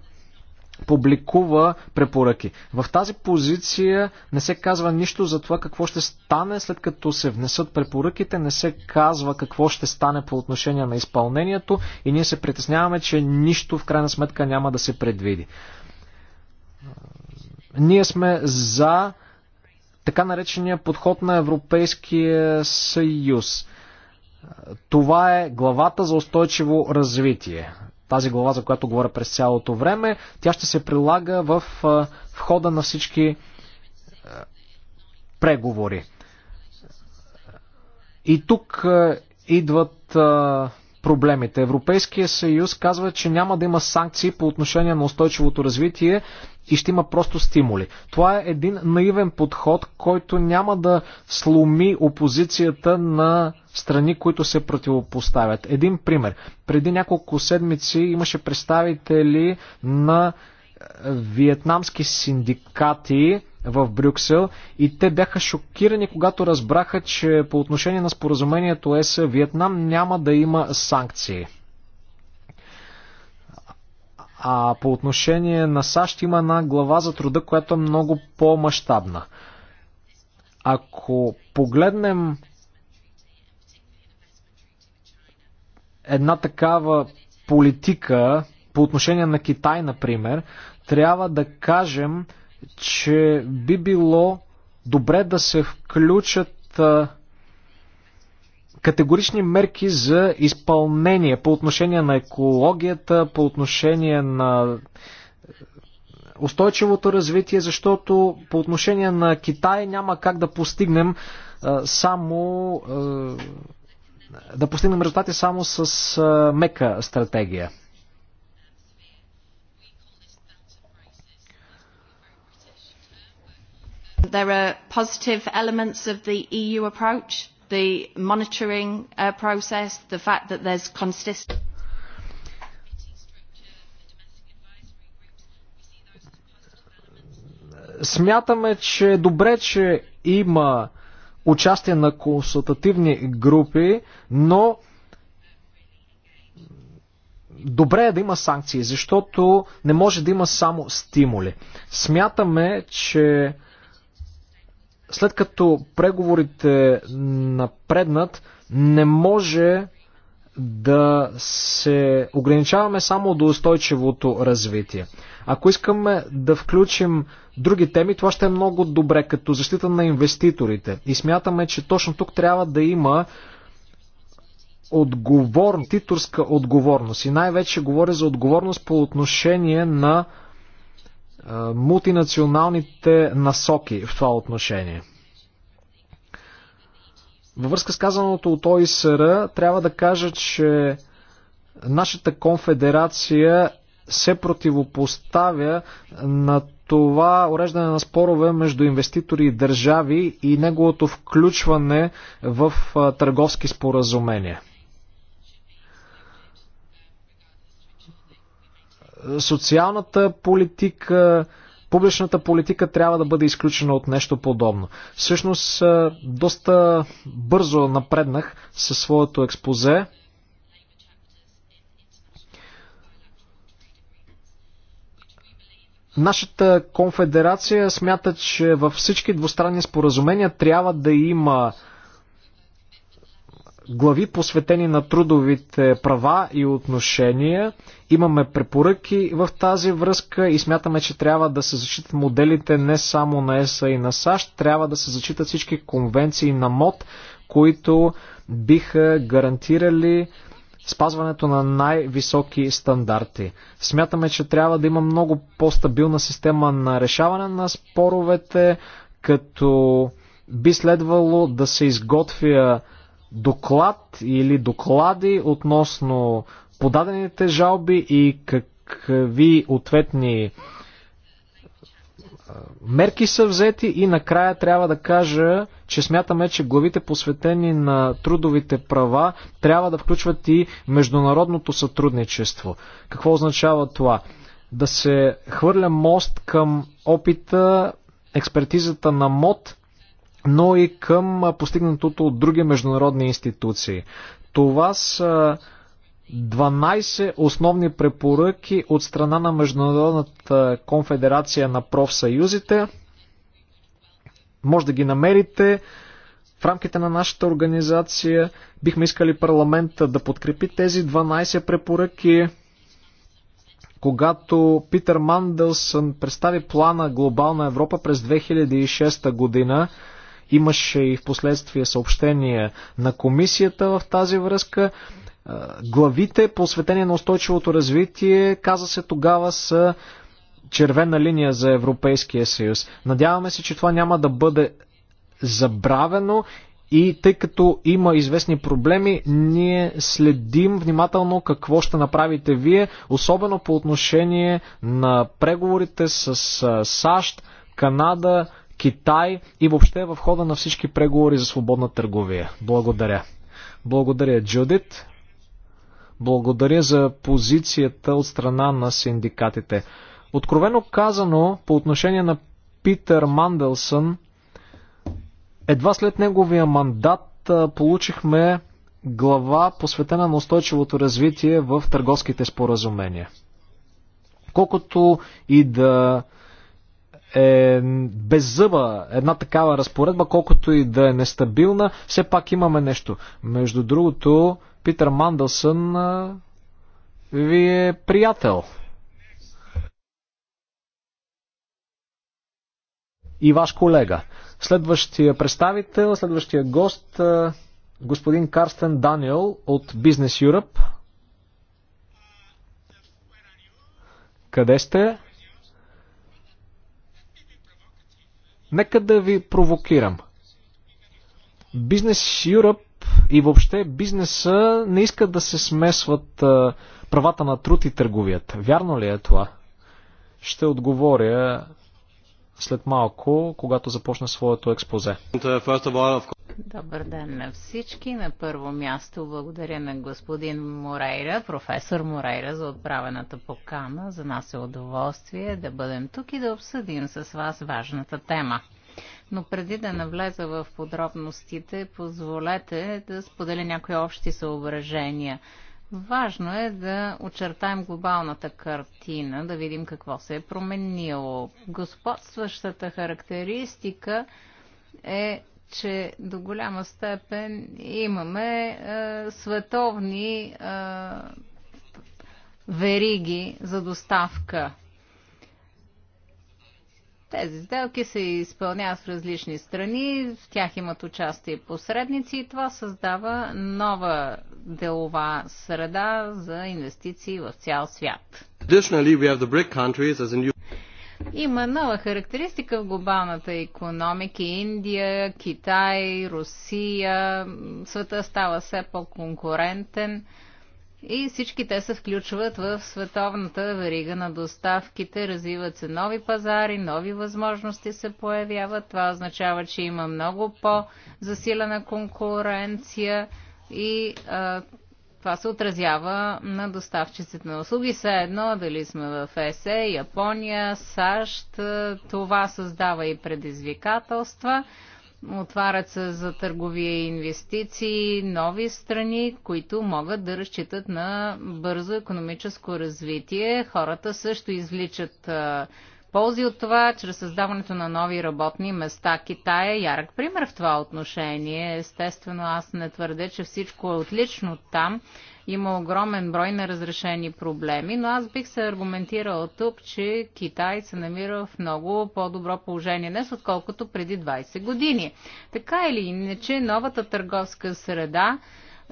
публикува препоръки. В тази позиция не се казва нищо за това какво ще стане след като се внесат препоръките, не се казва какво ще стане по отношение на изпълнението и ние се притесняваме, че нищо в крайна сметка няма да се предвиди. Ние сме за така наречения подход на Европейския съюз това е главата за устойчиво развитие. Тази глава, за която говоря през цялото време, тя ще се прилага в входа на всички преговори. И тук идват проблемите. Европейския съюз казва, че няма да има санкции по отношение на устойчивото развитие и ще има просто стимули. Това е един наивен подход, който няма да сломи опозицията на страни, които се противопоставят. Един пример. Преди няколко седмици имаше представители на е, виетнамски синдикати, в Брюксел и те бяха шокирани, когато разбраха, че по отношение на споразумението ЕС Виетнам няма да има санкции. А по отношение на САЩ има една глава за труда, която е много по мащабна Ако погледнем една такава политика по отношение на Китай, например, трябва да кажем, че би било добре да се включат категорични мерки за изпълнение по отношение на екологията, по отношение на устойчивото развитие, защото по отношение на Китай няма как да постигнем само да постигнем резултати само с мека стратегия. There are positive elements of the EU approach, the monitoring uh, process, the fact that there's consistent Смятаме, че е добре, че има участие на консултативни групи, но добре е да има санкции, защото не може да има само стимули. Смятаме, че след като преговорите напреднат, не може да се ограничаваме само до устойчивото развитие. Ако искаме да включим други теми, това ще е много добре, като защита на инвеститорите. И смятаме, че точно тук трябва да има отговорност, титурска отговорност. И най-вече говоря за отговорност по отношение на мултинационалните насоки в това отношение. Във връзка с казаното от ОИСР, трябва да кажа, че нашата конфедерация се противопоставя на това уреждане на спорове между инвеститори и държави и неговото включване в търговски споразумения. социалната политика, публичната политика трябва да бъде изключена от нещо подобно. Всъщност, доста бързо напреднах със своето експозе. Нашата конфедерация смята, че във всички двустранни споразумения трябва да има глави посветени на трудовите права и отношения. Имаме препоръки в тази връзка и смятаме, че трябва да се зачитат моделите не само на ЕСА и на САЩ, трябва да се зачитат всички конвенции на МОД, които биха гарантирали спазването на най-високи стандарти. Смятаме, че трябва да има много по-стабилна система на решаване на споровете, като би следвало да се изготвя доклад или доклади относно подадените жалби и какви ответни мерки са взети и накрая трябва да кажа, че смятаме, че главите посветени на трудовите права трябва да включват и международното сътрудничество. Какво означава това? Да се хвърля мост към опита, експертизата на МОД но и към постигнатото от други международни институции. Това са 12 основни препоръки от страна на Международната конфедерация на профсъюзите. Може да ги намерите в рамките на нашата организация. Бихме искали парламента да подкрепи тези 12 препоръки. Когато Питър Мандълсън представи плана Глобална Европа през 2006 година, Имаше и в последствие съобщение на комисията в тази връзка. Главите, посветени на устойчивото развитие, каза се тогава са червена линия за Европейския съюз. Надяваме се, че това няма да бъде забравено и тъй като има известни проблеми, ние следим внимателно какво ще направите вие, особено по отношение на преговорите с САЩ, Канада, Китай и въобще в хода на всички преговори за свободна търговия. Благодаря. Благодаря, Джудит. Благодаря за позицията от страна на синдикатите. Откровено казано, по отношение на Питър Мандълсън, едва след неговия мандат получихме глава посветена на устойчивото развитие в търговските споразумения. Колкото и да е беззъба една такава разпоредба, колкото и да е нестабилна, все пак имаме нещо. Между другото, Питър Мандълсън ви е приятел. И ваш колега. Следващия представител, следващия гост, господин Карстен Даниел от Business Europe. Къде сте? Нека да ви провокирам. Бизнес Europe и въобще бизнеса не искат да се смесват правата на труд и търговията. Вярно ли е това? Ще отговоря след малко, когато започне своето експозе. Добър ден на всички. На първо място благодаря на господин Морейра, професор Морейра, за отправената покана. За нас е удоволствие да бъдем тук и да обсъдим с вас важната тема. Но преди да навлеза в подробностите, позволете да споделя някои общи съображения – Важно е да очертаем глобалната картина, да видим какво се е променило. Господстващата характеристика е, че до голяма степен имаме е, световни е, вериги за доставка тези сделки се изпълняват в различни страни, в тях имат участие посредници и това създава нова делова среда за инвестиции в цял свят. Има нова характеристика в глобалната економика. Индия, Китай, Русия. Света става все по-конкурентен и всички те се включват в световната верига на доставките, развиват се нови пазари, нови възможности се появяват. Това означава, че има много по-засилена конкуренция и а, това се отразява на доставчиците на услуги. Все едно, дали сме в ЕСЕ, Япония, САЩ, това създава и предизвикателства. Отварят се за търговия и инвестиции нови страни, които могат да разчитат на бързо економическо развитие. Хората също изличат ползи от това чрез създаването на нови работни места. Китай е ярък пример в това отношение. Естествено, аз не твърде, че всичко е отлично там, има огромен брой неразрешени проблеми, но аз бих се аргументирал тук, че Китай се намира в много по-добро положение днес, отколкото преди 20 години. Така или иначе, новата търговска среда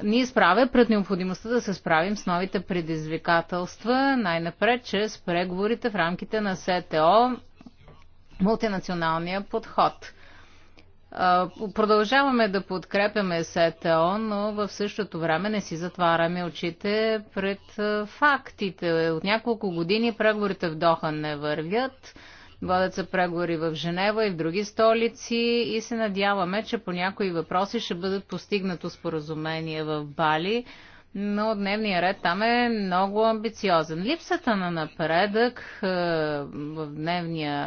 ни изправя пред необходимостта да се справим с новите предизвикателства, най-напред чрез преговорите в рамките на СТО, мултинационалния подход. Продължаваме да подкрепяме СТО, но в същото време не си затваряме очите пред фактите. От няколко години преговорите в Доха не вървят. Водят се преговори в Женева и в други столици и се надяваме, че по някои въпроси ще бъдат постигнато споразумение в Бали но дневния ред там е много амбициозен. Липсата на напредък е, в дневния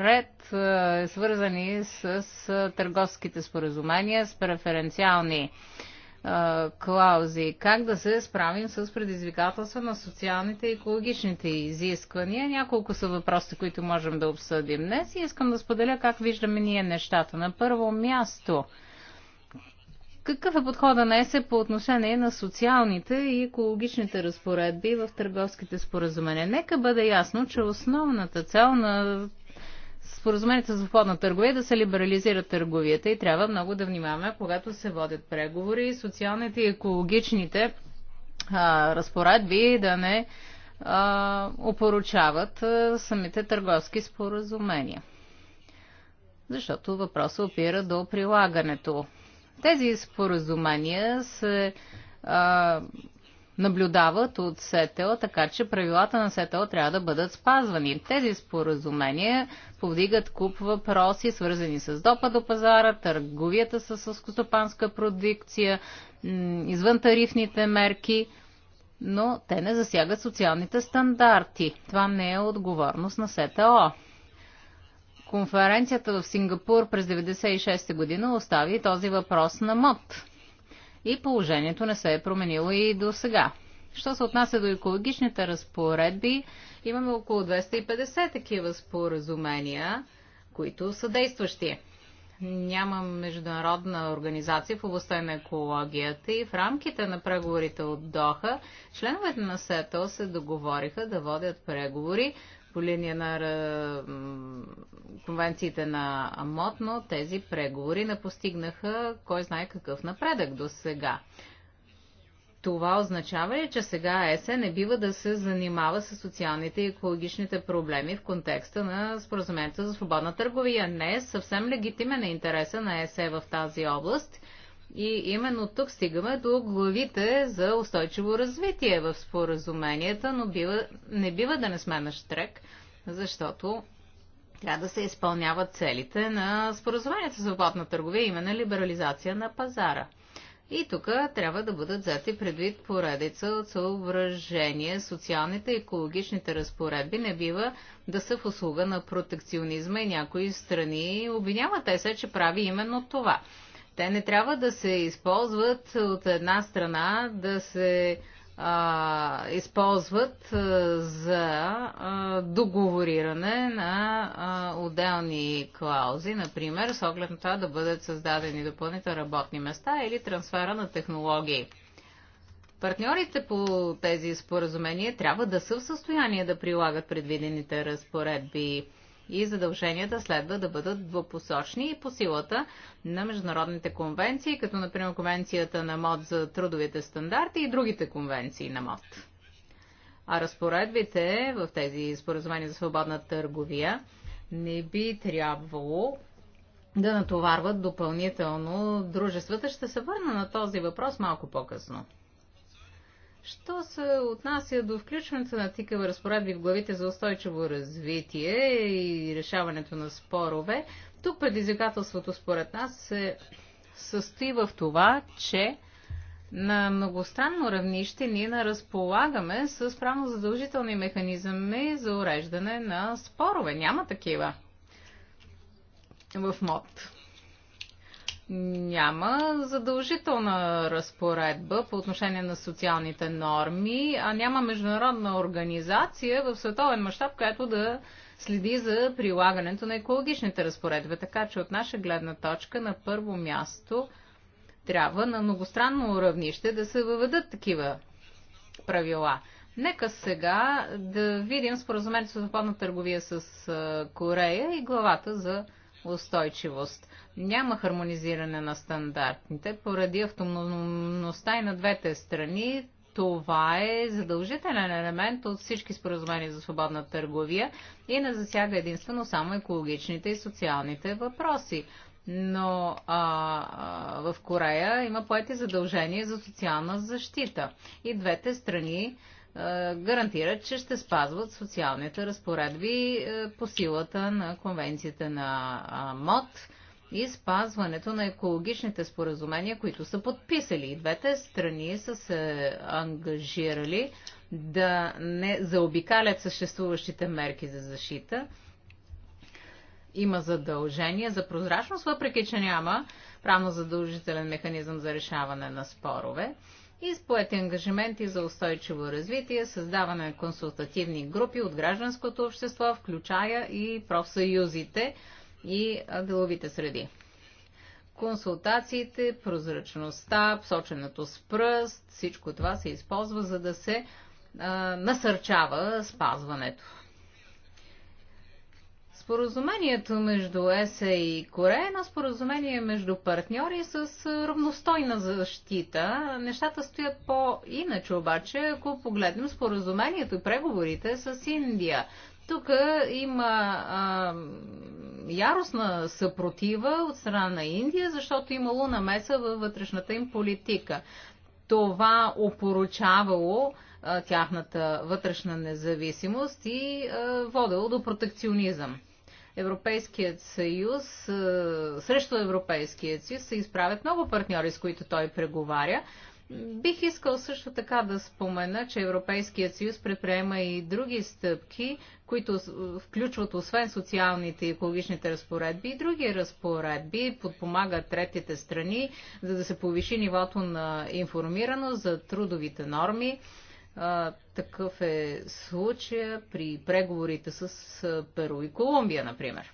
ред е, е свързани с е, търговските споразумения, с преференциални клаузи. Как да се справим с предизвикателства на социалните и екологичните изисквания? Няколко са въпросите, които можем да обсъдим днес и искам да споделя как виждаме ние нещата. На първо място – какъв е подхода на ЕСЕ по отношение на социалните и екологичните разпоредби в търговските споразумения? Нека бъде ясно, че основната цел на споразумението за свободна търговия е да се либерализира търговията и трябва много да внимаваме, когато се водят преговори, социалните и екологичните а, разпоредби да не а, опоручават а, самите търговски споразумения. Защото въпросът опира до прилагането тези споразумения се а, наблюдават от СТО, така че правилата на СТО трябва да бъдат спазвани. Тези споразумения повдигат куп въпроси, свързани с допа до пазара, търговията с скостопанска продукция, извън тарифните мерки, но те не засягат социалните стандарти. Това не е отговорност на СТО. Конференцията в Сингапур през 1996 година остави този въпрос на МОД. И положението не се е променило и до сега. Що се отнася до екологичните разпоредби, имаме около 250 такива споразумения, които са действащи. Няма международна организация в областта на екологията и в рамките на преговорите от Доха, членовете на СЕТО се договориха да водят преговори по линия на конвенциите на МОД, но тези преговори не постигнаха кой знае какъв напредък до сега. Това означава ли, че сега ЕСЕ не бива да се занимава с социалните и екологичните проблеми в контекста на споразумението за свободна търговия? Не, е съвсем легитимен е интереса на ЕСЕ в тази област – и именно тук стигаме до главите за устойчиво развитие в споразуменията, но бива, не бива да не сме на штрек, защото трябва да се изпълняват целите на споразумението за свободна търговия, именно либерализация на пазара. И тук трябва да бъдат взети предвид поредица от съображения. Социалните и екологичните разпоредби не бива да са в услуга на протекционизма и някои страни обвиняват те се, че прави именно това. Те не трябва да се използват от една страна, да се а, използват а, за а, договориране на а, отделни клаузи, например, с оглед на това да бъдат създадени допълнителни работни места или трансфера на технологии. Партньорите по тези споразумения трябва да са в състояние да прилагат предвидените разпоредби и задълженията следва да бъдат двупосочни и по силата на международните конвенции, като например конвенцията на МОД за трудовите стандарти и другите конвенции на МОД. А разпоредбите в тези споразумения за свободна търговия не би трябвало да натоварват допълнително дружествата. Ще се върна на този въпрос малко по-късно. Що се отнася до включването на тикава разпоредби в главите за устойчиво развитие и решаването на спорове, тук предизвикателството според нас се състои в това, че на многостранно равнище ние не разполагаме с правно задължителни механизми за уреждане на спорове. Няма такива в МОД няма задължителна разпоредба по отношение на социалните норми, а няма международна организация в световен мащаб, която да следи за прилагането на екологичните разпоредби. Така че от наша гледна точка на първо място трябва на многостранно равнище да се въведат такива правила. Нека сега да видим споразумението за свободна търговия с Корея и главата за устойчивост. Няма хармонизиране на стандартните поради автономността и на двете страни. Това е задължителен елемент от всички споразумения за свободна търговия и не засяга единствено само екологичните и социалните въпроси. Но а, а, в Корея има поети задължения за социална защита. И двете страни е, гарантират, че ще спазват социалните разпоредби е, по силата на конвенцията на МОД и спазването на екологичните споразумения, които са подписали. И двете страни са се ангажирали да не заобикалят съществуващите мерки за защита. Има задължение за прозрачност, въпреки че няма правно задължителен механизъм за решаване на спорове и с поети ангажименти за устойчиво развитие, създаване на консултативни групи от гражданското общество, включая и профсъюзите и деловите среди. Консултациите, прозрачността, посоченото с пръст, всичко това се използва, за да се а, насърчава спазването Споразумението между ЕСА и Корея е едно споразумение между партньори с равностойна защита. Нещата стоят по-иначе обаче, ако погледнем споразумението и преговорите с Индия. Тук има а, яростна съпротива от страна на Индия, защото имало намеса във вътрешната им политика. Това опоручавало тяхната вътрешна независимост и водело до протекционизъм. Европейският съюз, е, срещу Европейският съюз се изправят много партньори, с които той преговаря. Бих искал също така да спомена, че Европейският съюз предприема и други стъпки, които включват освен социалните и екологичните разпоредби и други разпоредби, подпомагат третите страни, за да се повиши нивото на информираност за трудовите норми а, такъв е случая при преговорите с Перу и Колумбия, например.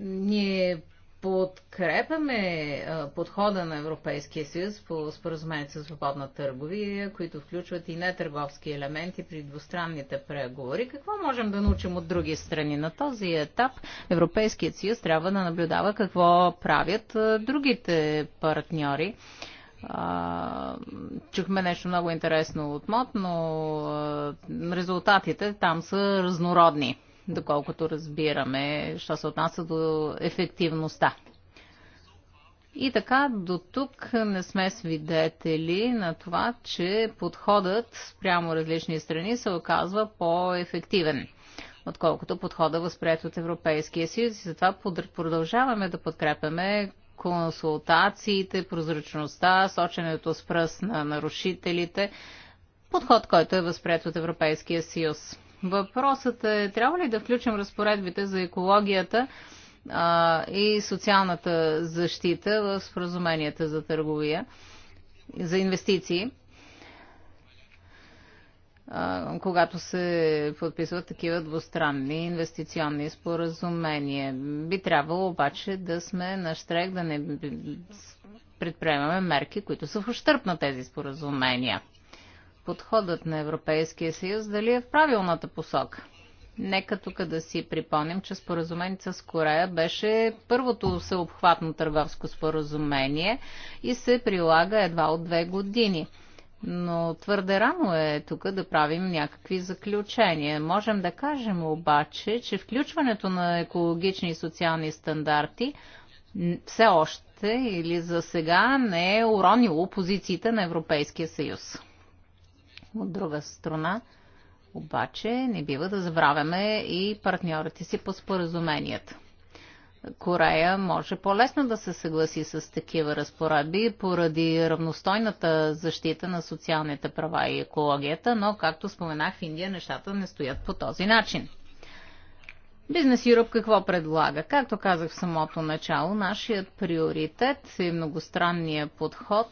Ние подкрепяме подхода на Европейския съюз по споразумение с свободна търговия, които включват и нетърговски елементи при двустранните преговори. Какво можем да научим от други страни? На този етап Европейският съюз трябва да наблюдава какво правят другите партньори чухме нещо много интересно от МОД, но а, резултатите там са разнородни, доколкото разбираме, що се отнася до ефективността. И така, до тук не сме свидетели на това, че подходът спрямо различни страни се оказва по-ефективен отколкото подхода възприят от Европейския съюз и затова продължаваме да подкрепяме консултациите, прозрачността, соченето с пръст на нарушителите, подход, който е възпред от Европейския съюз. Въпросът е, трябва ли да включим разпоредбите за екологията а, и социалната защита в споразуменията за търговия, за инвестиции? когато се подписват такива двустранни инвестиционни споразумения. Би трябвало обаче да сме на штрек, да не предприемаме мерки, които са в ущърп на тези споразумения. Подходът на Европейския съюз дали е в правилната посока? Нека тук да си припомним, че споразумението с Корея беше първото всеобхватно търговско споразумение и се прилага едва от две години – но твърде рано е тук да правим някакви заключения. Можем да кажем обаче, че включването на екологични и социални стандарти все още или за сега не е уронило позициите на Европейския съюз. От друга страна, обаче не бива да забравяме и партньорите си по споразуменията. Корея може по-лесно да се съгласи с такива разпоредби поради равностойната защита на социалните права и екологията, но, както споменах, в Индия нещата не стоят по този начин. Бизнес Юроп какво предлага? Както казах в самото начало, нашият приоритет е многостранния подход,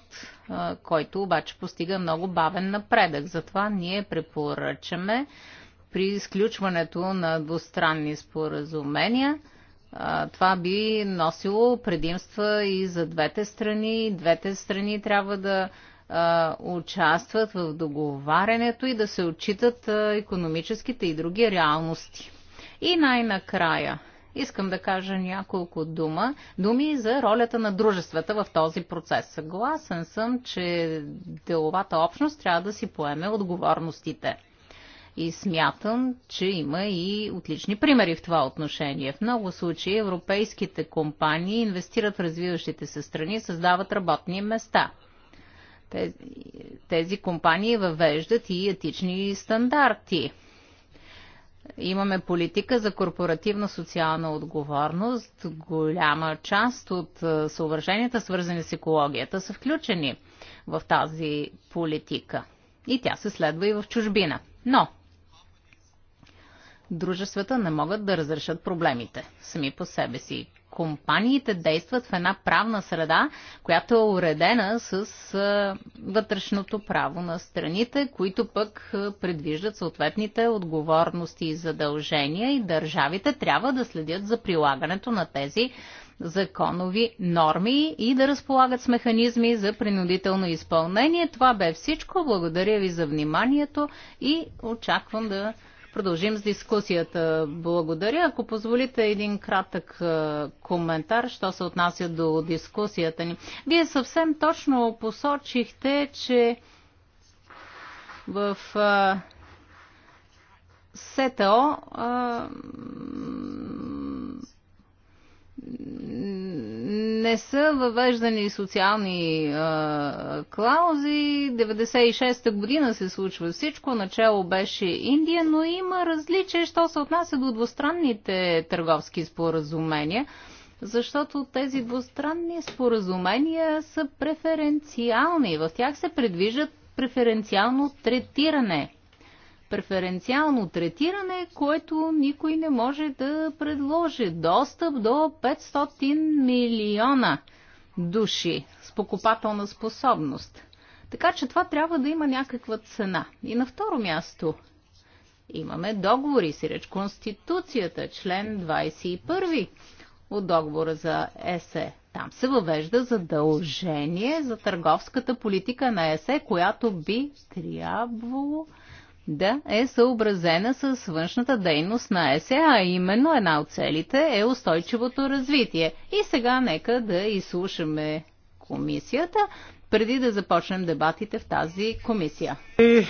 който обаче постига много бавен напредък. Затова ние препоръчаме при изключването на двустранни споразумения – това би носило предимства и за двете страни. Двете страни трябва да участват в договарянето и да се отчитат економическите и други реалности. И най-накрая искам да кажа няколко дума, думи за ролята на дружествата в този процес. Съгласен съм, че деловата общност трябва да си поеме отговорностите и смятам, че има и отлични примери в това отношение. В много случаи европейските компании инвестират в развиващите се страни, създават работни места. Тези, тези компании въвеждат и етични стандарти. Имаме политика за корпоративна социална отговорност. Голяма част от съображенията, свързани с екологията, са включени в тази политика. И тя се следва и в чужбина. Но дружествата не могат да разрешат проблемите сами по себе си. Компаниите действат в една правна среда, която е уредена с вътрешното право на страните, които пък предвиждат съответните отговорности и задължения и държавите трябва да следят за прилагането на тези законови норми и да разполагат с механизми за принудително изпълнение. Това бе всичко. Благодаря ви за вниманието и очаквам да продължим с дискусията. Благодаря. Ако позволите един кратък коментар, що се отнася до дискусията ни. Вие съвсем точно посочихте, че в СТО не са въвеждани социални а, клаузи. 96-та година се случва всичко. Начало беше Индия, но има различие, що се отнася до двустранните търговски споразумения, защото тези двустранни споразумения са преференциални. В тях се предвиждат преференциално третиране преференциално третиране, което никой не може да предложи. Достъп до 500 милиона души с покупателна способност. Така че това трябва да има някаква цена. И на второ място имаме договори, сиреч Конституцията, член 21 от договора за ЕСЕ. Там се въвежда задължение за търговската политика на ЕСЕ, която би трябвало да е съобразена с външната дейност на ЕСЕ, а именно една от целите е устойчивото развитие. И сега нека да изслушаме комисията, преди да започнем дебатите в тази комисия. Е,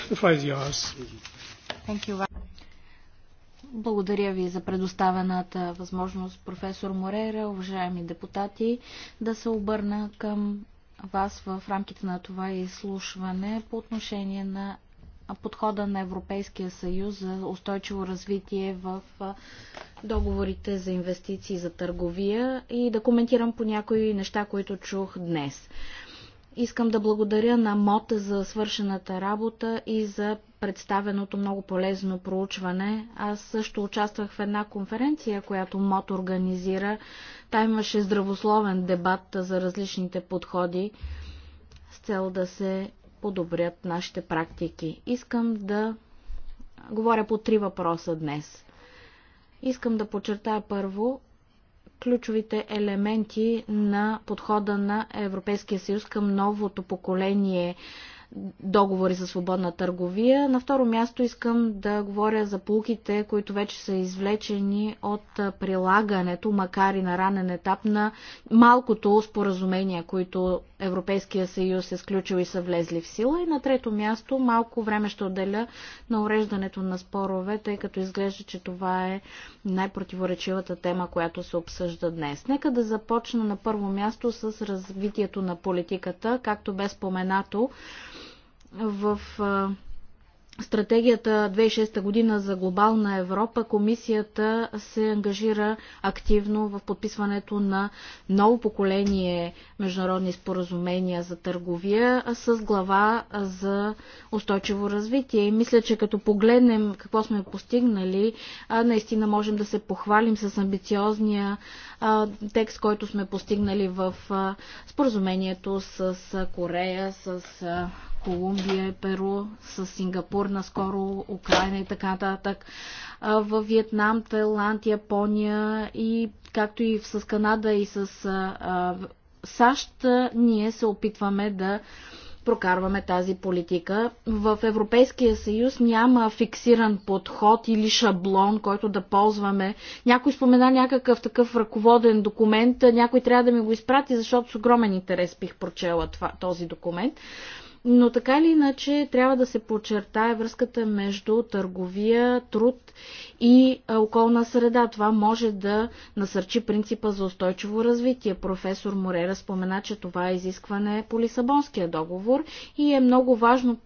Благодаря ви за предоставената възможност, професор Морера, уважаеми депутати, да се обърна към вас в рамките на това изслушване по отношение на подхода на Европейския съюз за устойчиво развитие в договорите за инвестиции за търговия и да коментирам по някои неща, които чух днес. Искам да благодаря на МОТ за свършената работа и за представеното много полезно проучване. Аз също участвах в една конференция, която МОТ организира. Та имаше здравословен дебат за различните подходи с цел да се подобрят нашите практики. Искам да говоря по три въпроса днес. Искам да подчертая първо ключовите елементи на подхода на Европейския съюз към новото поколение договори за свободна търговия. На второ място искам да говоря за полуките, които вече са извлечени от прилагането, макар и на ранен етап, на малкото споразумения, които Европейския съюз е сключил и са влезли в сила. И на трето място малко време ще отделя на уреждането на спорове, тъй като изглежда, че това е най-противоречивата тема, която се обсъжда днес. Нека да започна на първо място с развитието на политиката, както бе споменато в стратегията 2006 година за глобална Европа, комисията се ангажира активно в подписването на ново поколение международни споразумения за търговия с глава за устойчиво развитие. И мисля, че като погледнем какво сме постигнали, наистина можем да се похвалим с амбициозния текст, който сме постигнали в споразумението с Корея, с Колумбия, Перу, с Сингапур, наскоро Украина и така нататък. В Виетнам, Тайланд, Япония и както и с Канада и с САЩ ние се опитваме да прокарваме тази политика. В Европейския съюз няма фиксиран подход или шаблон, който да ползваме. Някой спомена някакъв такъв ръководен документ, някой трябва да ми го изпрати, защото с огромен интерес бих прочела това, този документ. Но така или иначе трябва да се подчертае връзката между търговия, труд и околна среда. Това може да насърчи принципа за устойчиво развитие. Професор Морера спомена, че това е изискване по Лисабонския договор и е много важно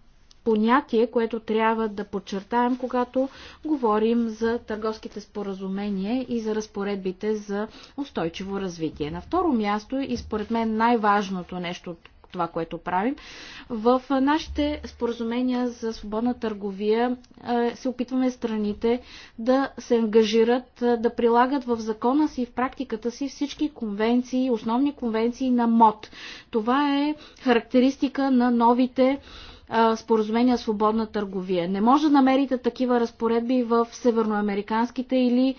понятие, което трябва да подчертаем, когато говорим за търговските споразумения и за разпоредбите за устойчиво развитие. На второ място и според мен най-важното нещо от това, което правим. В нашите споразумения за свободна търговия е, се опитваме страните да се ангажират е, да прилагат в закона си и в практиката си всички конвенции, основни конвенции на МОД. Това е характеристика на новите споразумения свободна търговия. Не може да намерите такива разпоредби в северноамериканските или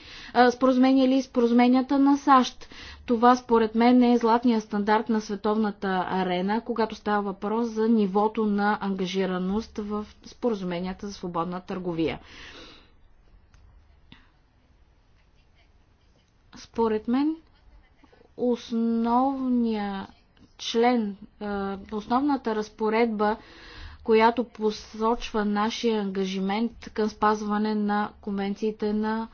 споразумения или споразуменията на САЩ. Това според мен е златния стандарт на световната арена, когато става въпрос за нивото на ангажираност в споразуменията за свободна търговия. Според мен основния член, основната разпоредба която посочва нашия ангажимент към спазване на конвенциите на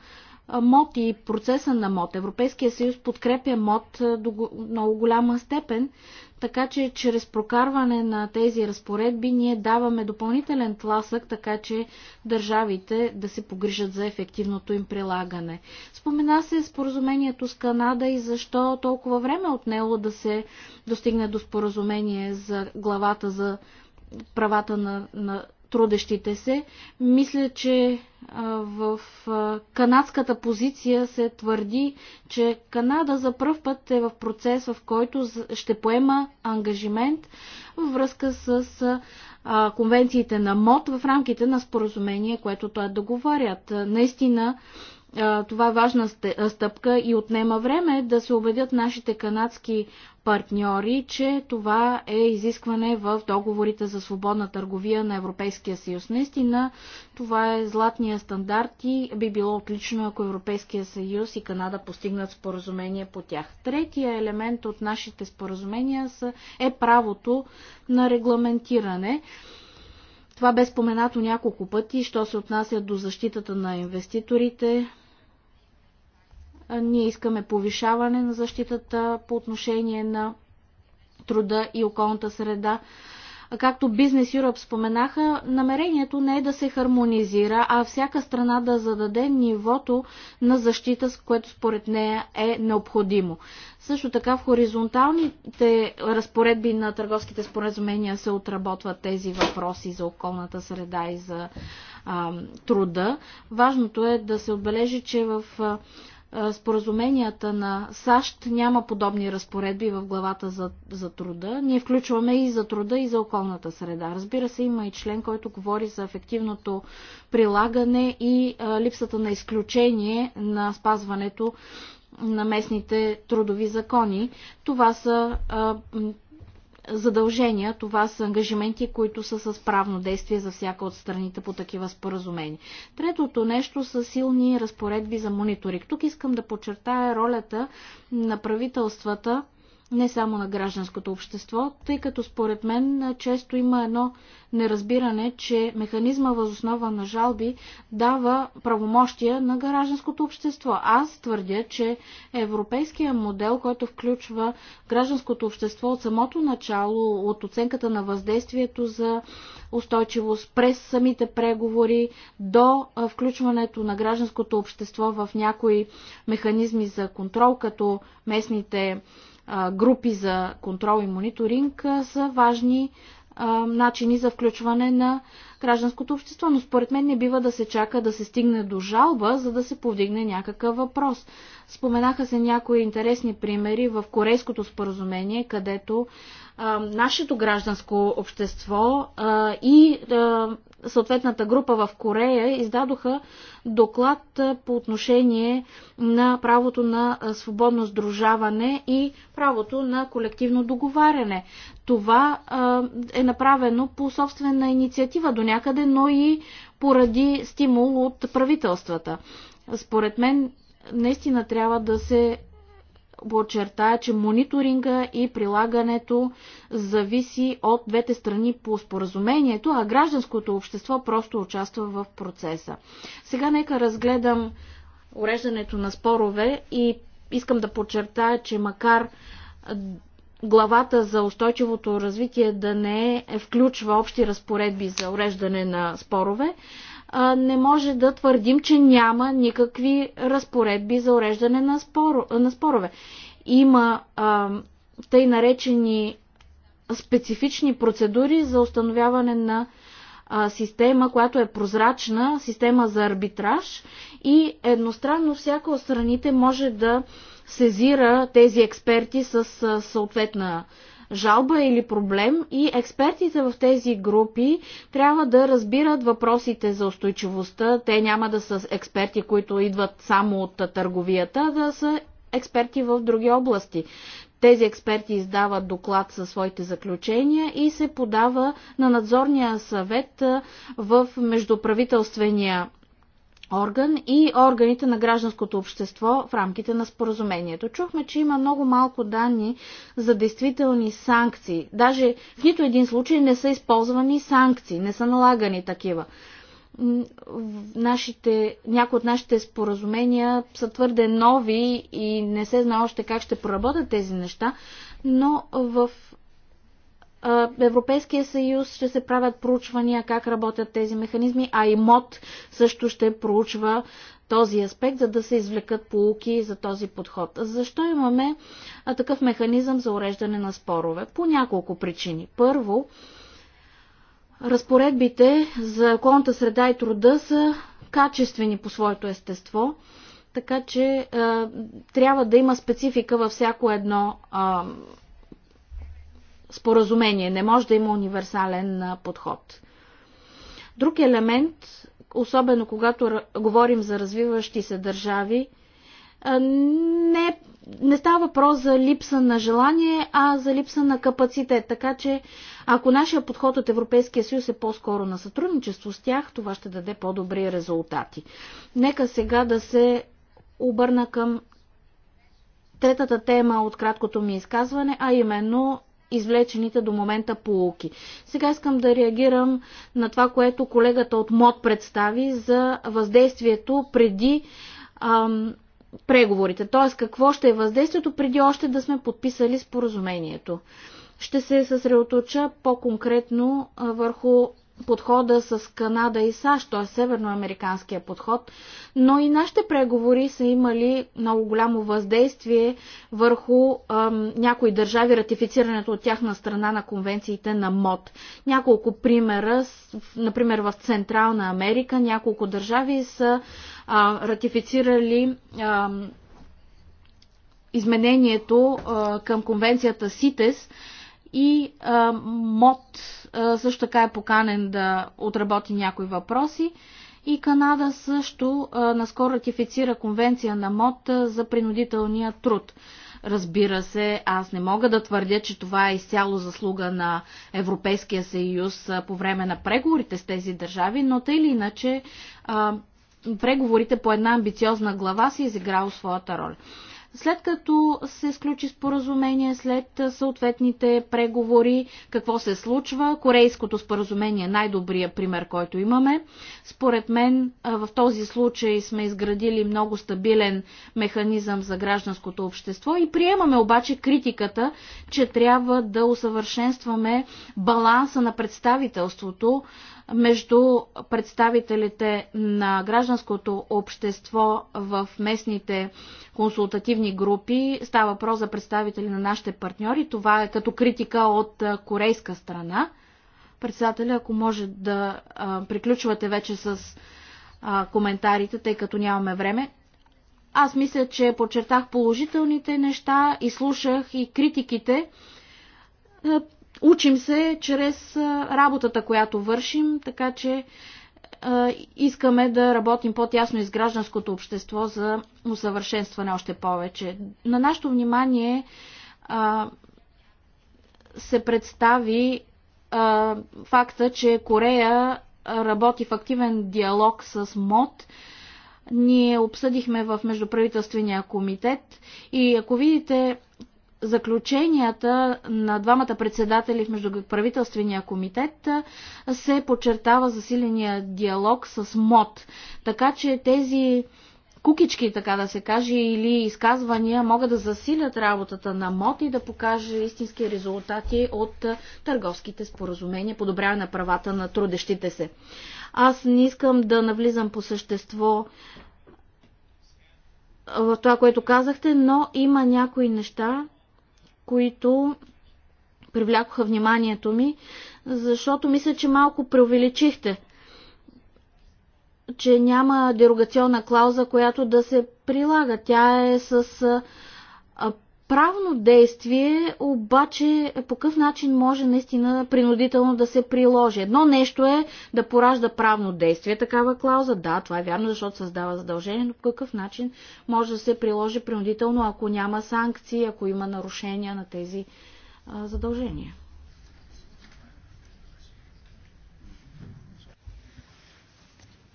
МОД и процеса на МОД. Европейския съюз подкрепя МОД до много голяма степен, така че чрез прокарване на тези разпоредби ние даваме допълнителен тласък, така че държавите да се погрижат за ефективното им прилагане. Спомена се споразумението с Канада и защо толкова време отнело да се достигне до споразумение за главата за правата на, на трудещите се. Мисля, че в канадската позиция се твърди, че Канада за първ път е в процес, в който ще поема ангажимент във връзка с конвенциите на МОД в рамките на споразумение, което той е договарят. Наистина това е важна стъпка и отнема време да се убедят нашите канадски партньори, че това е изискване в договорите за свободна търговия на Европейския съюз. Наистина това е златния стандарт и би било отлично, ако Европейския съюз и Канада постигнат споразумение по тях. Третия елемент от нашите споразумения е правото на регламентиране. Това бе споменато няколко пъти, що се отнася до защитата на инвеститорите. Ние искаме повишаване на защитата по отношение на труда и околната среда както Бизнес Юроп споменаха, намерението не е да се хармонизира, а всяка страна да зададе нивото на защита, с което според нея е необходимо. Също така в хоризонталните разпоредби на търговските споразумения се отработват тези въпроси за околната среда и за а, труда. Важното е да се отбележи, че в а, споразуменията на САЩ няма подобни разпоредби в главата за, за труда. Ние включваме и за труда, и за околната среда. Разбира се, има и член, който говори за ефективното прилагане и а, липсата на изключение на спазването на местните трудови закони. Това са а, задължения, това са ангажименти, които са с правно действие за всяка от страните по такива споразумения. Третото нещо са силни разпоредби за мониторинг. Тук искам да подчертая ролята на правителствата не само на гражданското общество, тъй като според мен често има едно неразбиране, че механизма възоснова на жалби дава правомощия на гражданското общество. Аз твърдя, че европейския модел, който включва гражданското общество от самото начало, от оценката на въздействието за устойчивост, през самите преговори, до включването на гражданското общество в някои механизми за контрол, като местните групи за контрол и мониторинг са важни начини за включване на гражданското общество. Но според мен не бива да се чака да се стигне до жалба, за да се повдигне някакъв въпрос. Споменаха се някои интересни примери в Корейското споразумение, където а, нашето гражданско общество а, и а, съответната група в Корея издадоха доклад по отношение на правото на свободно сдружаване и правото на колективно договаряне това а, е направено по собствена инициатива до някъде, но и поради стимул от правителствата. Според мен, наистина трябва да се подчертая, че мониторинга и прилагането зависи от двете страни по споразумението, а гражданското общество просто участва в процеса. Сега нека разгледам уреждането на спорове и искам да подчертая, че макар главата за устойчивото развитие да не е включва общи разпоредби за уреждане на спорове, не може да твърдим, че няма никакви разпоредби за уреждане на, спор, на спорове. Има а, тъй наречени специфични процедури за установяване на а, система, която е прозрачна, система за арбитраж и едностранно всяка от страните може да а, сезира тези експерти с съответна жалба или проблем и експертите в тези групи трябва да разбират въпросите за устойчивостта. Те няма да са експерти, които идват само от търговията, да са експерти в други области. Тези експерти издават доклад със своите заключения и се подава на надзорния съвет в междуправителствения орган и органите на гражданското общество в рамките на споразумението. Чухме, че има много малко данни за действителни санкции. Даже в нито един случай не са използвани санкции, не са налагани такива. Нашите, някои от нашите споразумения са твърде нови и не се знае още как ще проработят тези неща, но в Европейския съюз ще се правят проучвания как работят тези механизми, а и МОД също ще проучва този аспект, за да се извлекат полуки за този подход. Защо имаме такъв механизъм за уреждане на спорове? По няколко причини. Първо, разпоредбите за околната среда и труда са качествени по своето естество, така че трябва да има специфика във всяко едно споразумение. Не може да има универсален подход. Друг елемент, особено когато говорим за развиващи се държави, не, не става въпрос за липса на желание, а за липса на капацитет. Така че, ако нашия подход от Европейския съюз е по-скоро на сътрудничество с тях, това ще даде по-добри резултати. Нека сега да се обърна към третата тема от краткото ми изказване, а именно извлечените до момента полуки. Сега искам да реагирам на това, което колегата от МОД представи за въздействието преди ам, преговорите. Т.е. какво ще е въздействието преди още да сме подписали споразумението. Ще се съсредоточа по-конкретно върху подхода с Канада и САЩ, т.е. северноамериканския подход, но и нашите преговори са имали много голямо въздействие върху ем, някои държави, ратифицирането от тяхна страна на конвенциите на МОД. Няколко примера, например в Централна Америка, няколко държави са а, ратифицирали ам, изменението а, към конвенцията СИТЕС, и а, МОД а, също така е поканен да отработи някои въпроси. И Канада също а, наскоро ратифицира конвенция на МОД а, за принудителния труд. Разбира се, аз не мога да твърдя, че това е изцяло заслуга на Европейския съюз а, по време на преговорите с тези държави, но тъй или иначе а, преговорите по една амбициозна глава са е изиграло своята роля. След като се сключи споразумение, след съответните преговори, какво се случва, корейското споразумение е най-добрият пример, който имаме. Според мен в този случай сме изградили много стабилен механизъм за гражданското общество и приемаме обаче критиката, че трябва да усъвършенстваме баланса на представителството между представителите на гражданското общество в местните консултативни групи. Става въпрос за представители на нашите партньори. Това е като критика от корейска страна. Председателя, ако може да приключвате вече с коментарите, тъй като нямаме време. Аз мисля, че подчертах положителните неща и слушах и критиките учим се чрез работата, която вършим, така че искаме да работим по-тясно и с гражданското общество за усъвършенстване още повече. На нашето внимание се представи факта, че Корея работи в активен диалог с МОД. Ние обсъдихме в Междуправителствения комитет и ако видите заключенията на двамата председатели в Междуправителствения комитет се подчертава засиления диалог с МОД. Така че тези кукички, така да се каже, или изказвания могат да засилят работата на МОД и да покаже истински резултати от търговските споразумения, подобряване на правата на трудещите се. Аз не искам да навлизам по същество в това, което казахте, но има някои неща, които привлякоха вниманието ми, защото мисля, че малко преувеличихте, че няма дерогационна клауза, която да се прилага. Тя е с правно действие, обаче по какъв начин може наистина принудително да се приложи. Едно нещо е да поражда правно действие такава клауза, да, това е вярно, защото създава задължение, но по какъв начин може да се приложи принудително, ако няма санкции, ако има нарушения на тези а, задължения.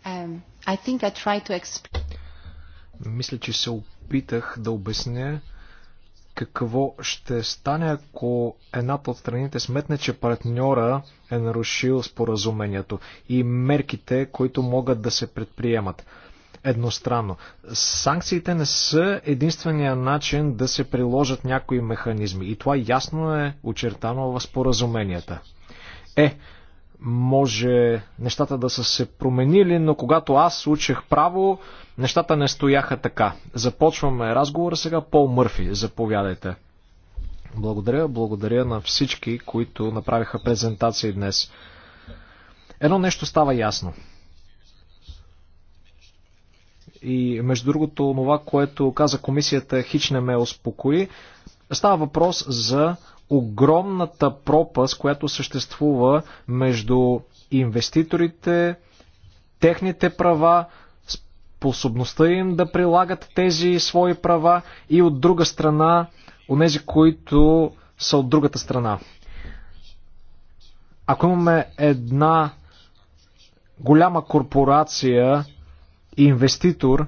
Um, I think I try to explain. Мисля, че се опитах да обясня какво ще стане, ако едната от страните сметне, че партньора е нарушил споразумението и мерките, които могат да се предприемат едностранно. Санкциите не са единствения начин да се приложат някои механизми и това ясно е очертано в споразуменията. Е, може нещата да са се променили, но когато аз учех право, нещата не стояха така. Започваме разговора сега. Пол Мърфи, заповядайте. Благодаря, благодаря на всички, които направиха презентации днес. Едно нещо става ясно. И между другото, това, което каза комисията, хич не ме успокои. Става въпрос за огромната пропаст, която съществува между инвеститорите, техните права, способността им да прилагат тези свои права и от друга страна, онези, които са от другата страна. Ако имаме една голяма корпорация, инвеститор,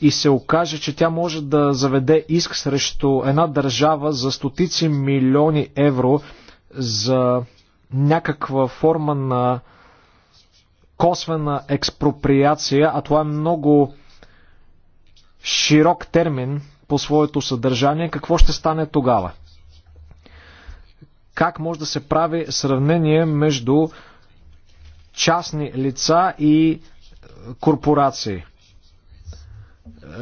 и се окаже, че тя може да заведе иск срещу една държава за стотици милиони евро за някаква форма на косвена експроприация, а това е много широк термин по своето съдържание, какво ще стане тогава? Как може да се прави сравнение между частни лица и корпорации?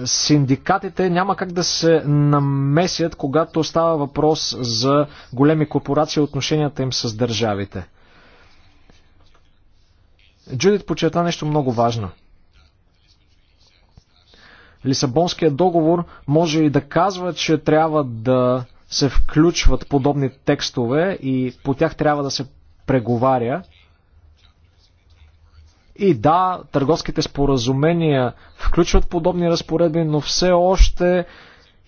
синдикатите няма как да се намесят, когато става въпрос за големи корпорации и отношенията им с държавите. Джудит почерта нещо много важно. Лисабонският договор може и да казва, че трябва да се включват подобни текстове и по тях трябва да се преговаря. И да, търговските споразумения включват подобни разпоредби, но все още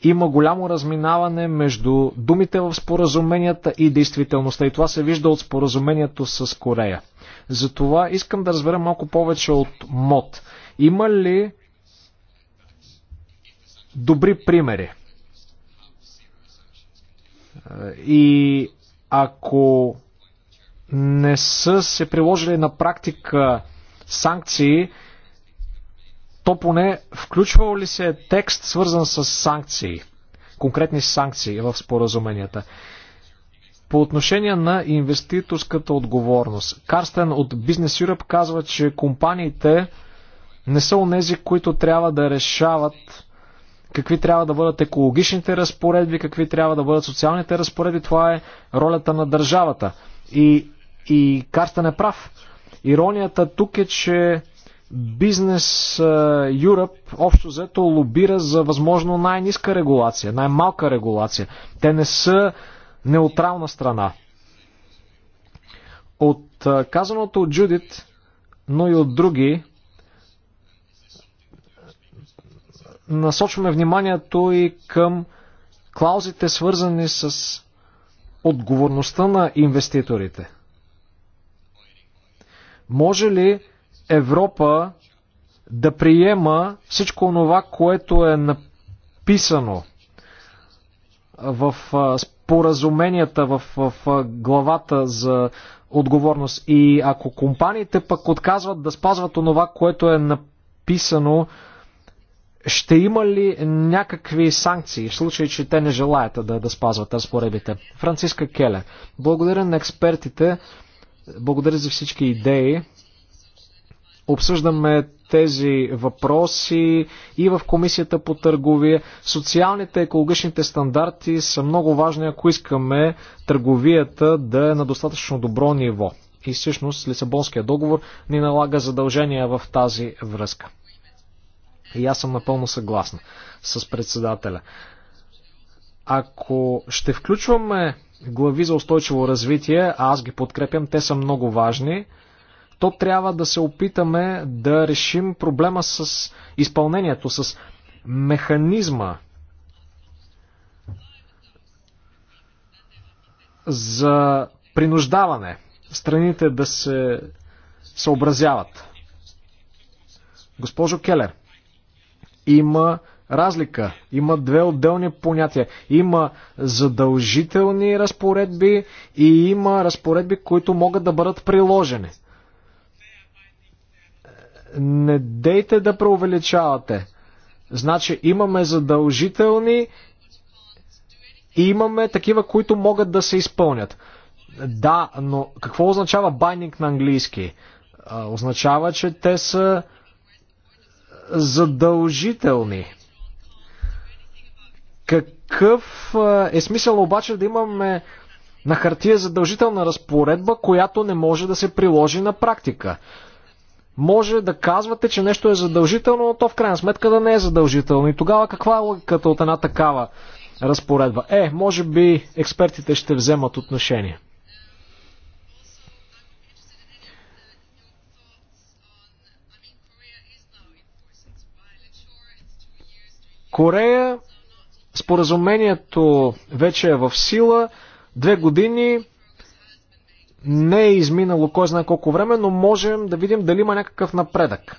има голямо разминаване между думите в споразуменията и действителността. И това се вижда от споразумението с Корея. Затова искам да разбера малко повече от МОД. Има ли добри примери? И ако не са се приложили на практика санкции, то поне включвал ли се е текст свързан с санкции, конкретни санкции в споразуменията? По отношение на инвеститорската отговорност, Карстен от Business Europe казва, че компаниите не са онези, които трябва да решават какви трябва да бъдат екологичните разпоредби, какви трябва да бъдат социалните разпоредби. Това е ролята на държавата. И, и Карстен е прав. Иронията тук е, че Бизнес Юръп общо взето лобира за възможно най-ниска регулация, най-малка регулация. Те не са неутрална страна. От казаното от Джудит, но и от други, насочваме вниманието и към клаузите, свързани с отговорността на инвеститорите – може ли Европа да приема всичко това, което е написано в споразуменията, в, в главата за отговорност. И ако компаниите пък отказват да спазват онова, което е написано, ще има ли някакви санкции в случай, че те не желаят да, да спазват разпоредбите? Франциска Келе. Благодаря на експертите благодаря за всички идеи. Обсъждаме тези въпроси и в Комисията по търговия. Социалните екологичните стандарти са много важни, ако искаме търговията да е на достатъчно добро ниво. И всъщност Лисабонския договор ни налага задължения в тази връзка. И аз съм напълно съгласна с председателя. Ако ще включваме глави за устойчиво развитие, а аз ги подкрепям, те са много важни, то трябва да се опитаме да решим проблема с изпълнението, с механизма за принуждаване страните да се съобразяват. Госпожо Келер, има разлика. Има две отделни понятия. Има задължителни разпоредби и има разпоредби, които могат да бъдат приложени. Не дейте да преувеличавате. Значи имаме задължителни и имаме такива, които могат да се изпълнят. Да, но какво означава байнинг на английски? Означава, че те са задължителни какъв е смисъл обаче да имаме на хартия задължителна разпоредба, която не може да се приложи на практика? Може да казвате, че нещо е задължително, но то в крайна сметка да не е задължително. И тогава каква е логиката от една такава разпоредба? Е, може би експертите ще вземат отношение. Корея Споразумението вече е в сила. Две години не е изминало кой знае колко време, но можем да видим дали има някакъв напредък.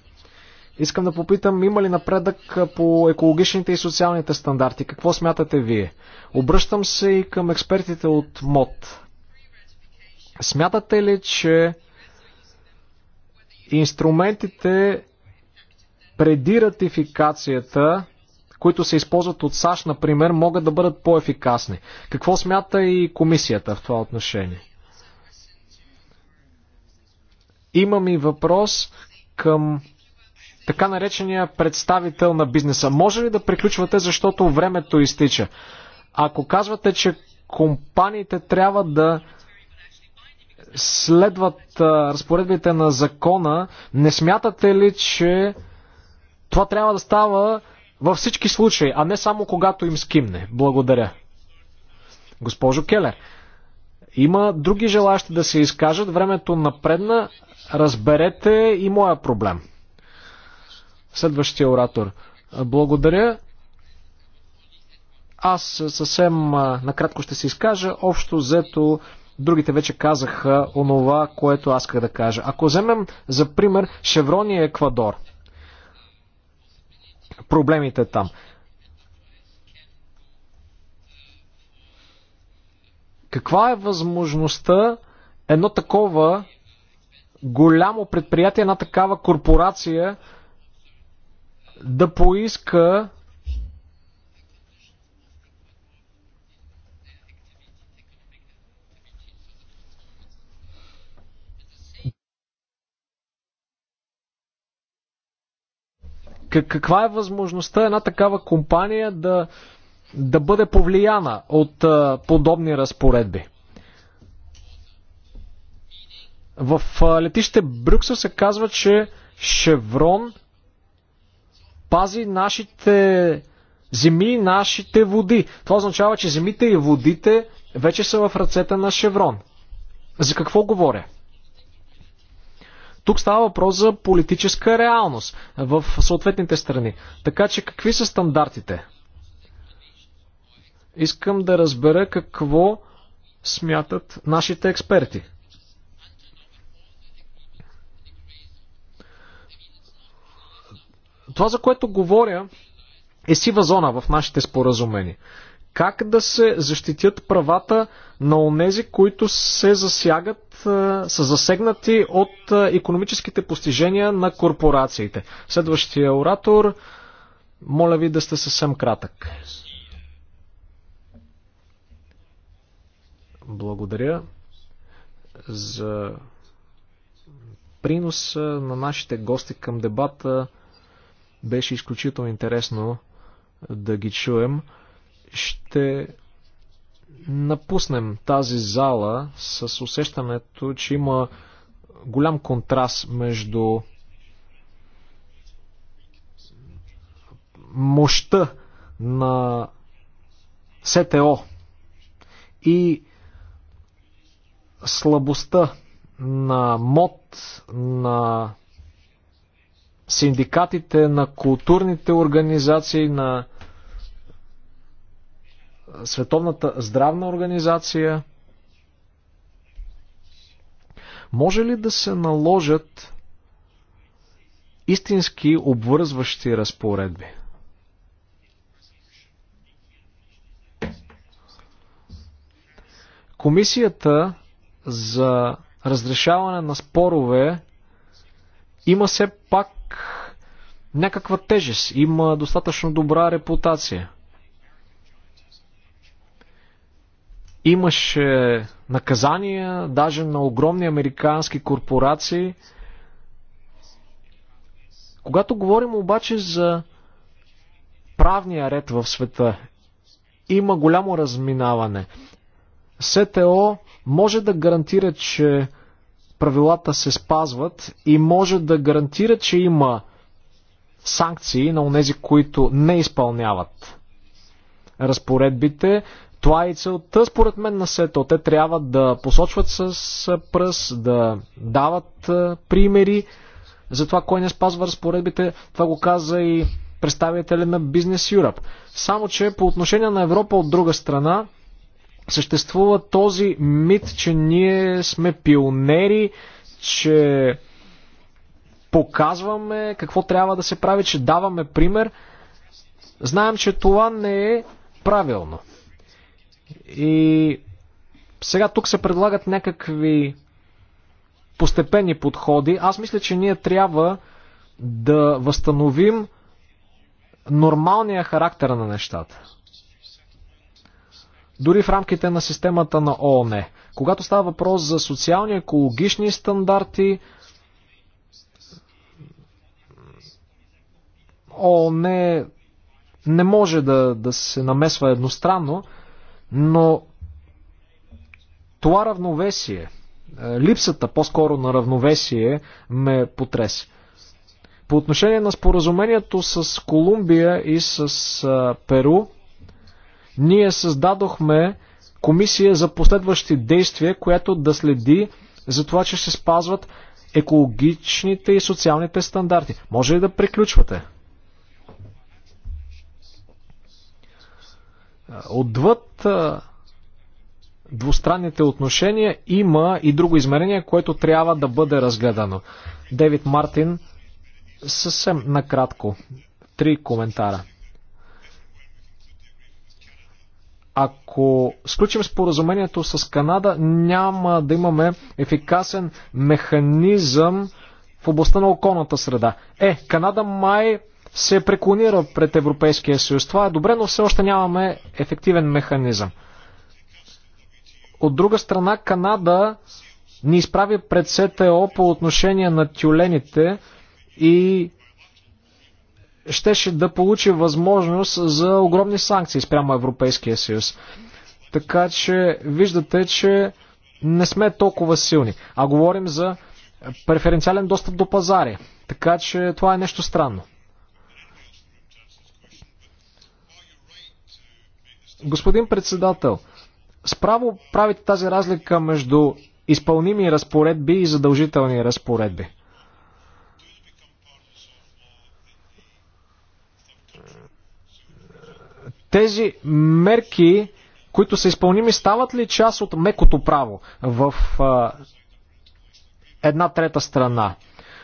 Искам да попитам, има ли напредък по екологичните и социалните стандарти? Какво смятате вие? Обръщам се и към експертите от МОД. Смятате ли, че инструментите преди ратификацията които се използват от САЩ, например, могат да бъдат по-ефикасни. Какво смята и комисията в това отношение? Имам и въпрос към така наречения представител на бизнеса. Може ли да приключвате, защото времето изтича? Ако казвате, че компаниите трябва да следват а, разпоредбите на закона, не смятате ли, че това трябва да става във всички случаи, а не само когато им скимне. Благодаря. Госпожо Келер, има други желащи да се изкажат. Времето напредна. Разберете и моя проблем. Следващия оратор. Благодаря. Аз съвсем накратко ще се изкажа. Общо взето другите вече казаха онова, което аз исках да кажа. Ако вземем за пример Шеврония Еквадор – проблемите там. Каква е възможността едно такова голямо предприятие, една такава корпорация да поиска каква е възможността една такава компания да, да бъде повлияна от а, подобни разпоредби? В а, летище Брюксел се казва, че Шеврон пази нашите земи, и нашите води. Това означава, че земите и водите вече са в ръцете на Шеврон. За какво говоря? Тук става въпрос за политическа реалност в съответните страни. Така че какви са стандартите? Искам да разбера какво смятат нашите експерти. Това, за което говоря, е сива зона в нашите споразумения как да се защитят правата на онези, които се засягат, е, са засегнати от економическите постижения на корпорациите. Следващия оратор, моля ви да сте съвсем кратък. Благодаря за приноса на нашите гости към дебата. Беше изключително интересно да ги чуем ще напуснем тази зала с усещането, че има голям контраст между мощта на СТО и слабостта на МОД, на синдикатите, на културните организации, на Световната здравна организация. Може ли да се наложат истински обвързващи разпоредби? Комисията за разрешаване на спорове има все пак някаква тежест, има достатъчно добра репутация. Имаше наказания даже на огромни американски корпорации. Когато говорим обаче за правния ред в света, има голямо разминаване. СТО може да гарантира, че правилата се спазват и може да гарантира, че има санкции на онези, които не изпълняват разпоредбите. Това е и целта, според мен, на СЕТО. Те трябва да посочват с пръст, да дават примери за това, кой не спазва разпоредбите. Това го каза и представителя на Business Europe. Само, че по отношение на Европа от друга страна, съществува този мит, че ние сме пионери, че показваме какво трябва да се прави, че даваме пример. Знаем, че това не е правилно. И сега тук се предлагат някакви постепенни подходи. Аз мисля, че ние трябва да възстановим нормалния характер на нещата. Дори в рамките на системата на ООН. Когато става въпрос за социални, екологични стандарти, ООН не може да, да се намесва едностранно. Но това равновесие, е, липсата по-скоро на равновесие ме потресе. По отношение на споразумението с Колумбия и с е, Перу, ние създадохме комисия за последващи действия, която да следи за това, че се спазват екологичните и социалните стандарти. Може ли да приключвате? Отвъд двустранните отношения има и друго измерение, което трябва да бъде разгледано. Девид Мартин, съвсем накратко, три коментара. Ако сключим споразумението с Канада, няма да имаме ефикасен механизъм в областта на околната среда. Е, Канада май се преклонира пред Европейския съюз. Това е добре, но все още нямаме ефективен механизъм. От друга страна, Канада ни изправи пред СТО по отношение на тюлените и щеше да получи възможност за огромни санкции спрямо Европейския съюз. Така че виждате, че не сме толкова силни, а говорим за преференциален достъп до пазари. Така че това е нещо странно. Господин председател, справо правите тази разлика между изпълними разпоредби и задължителни разпоредби. Тези мерки, които са изпълними, стават ли част от мекото право в а, една трета страна?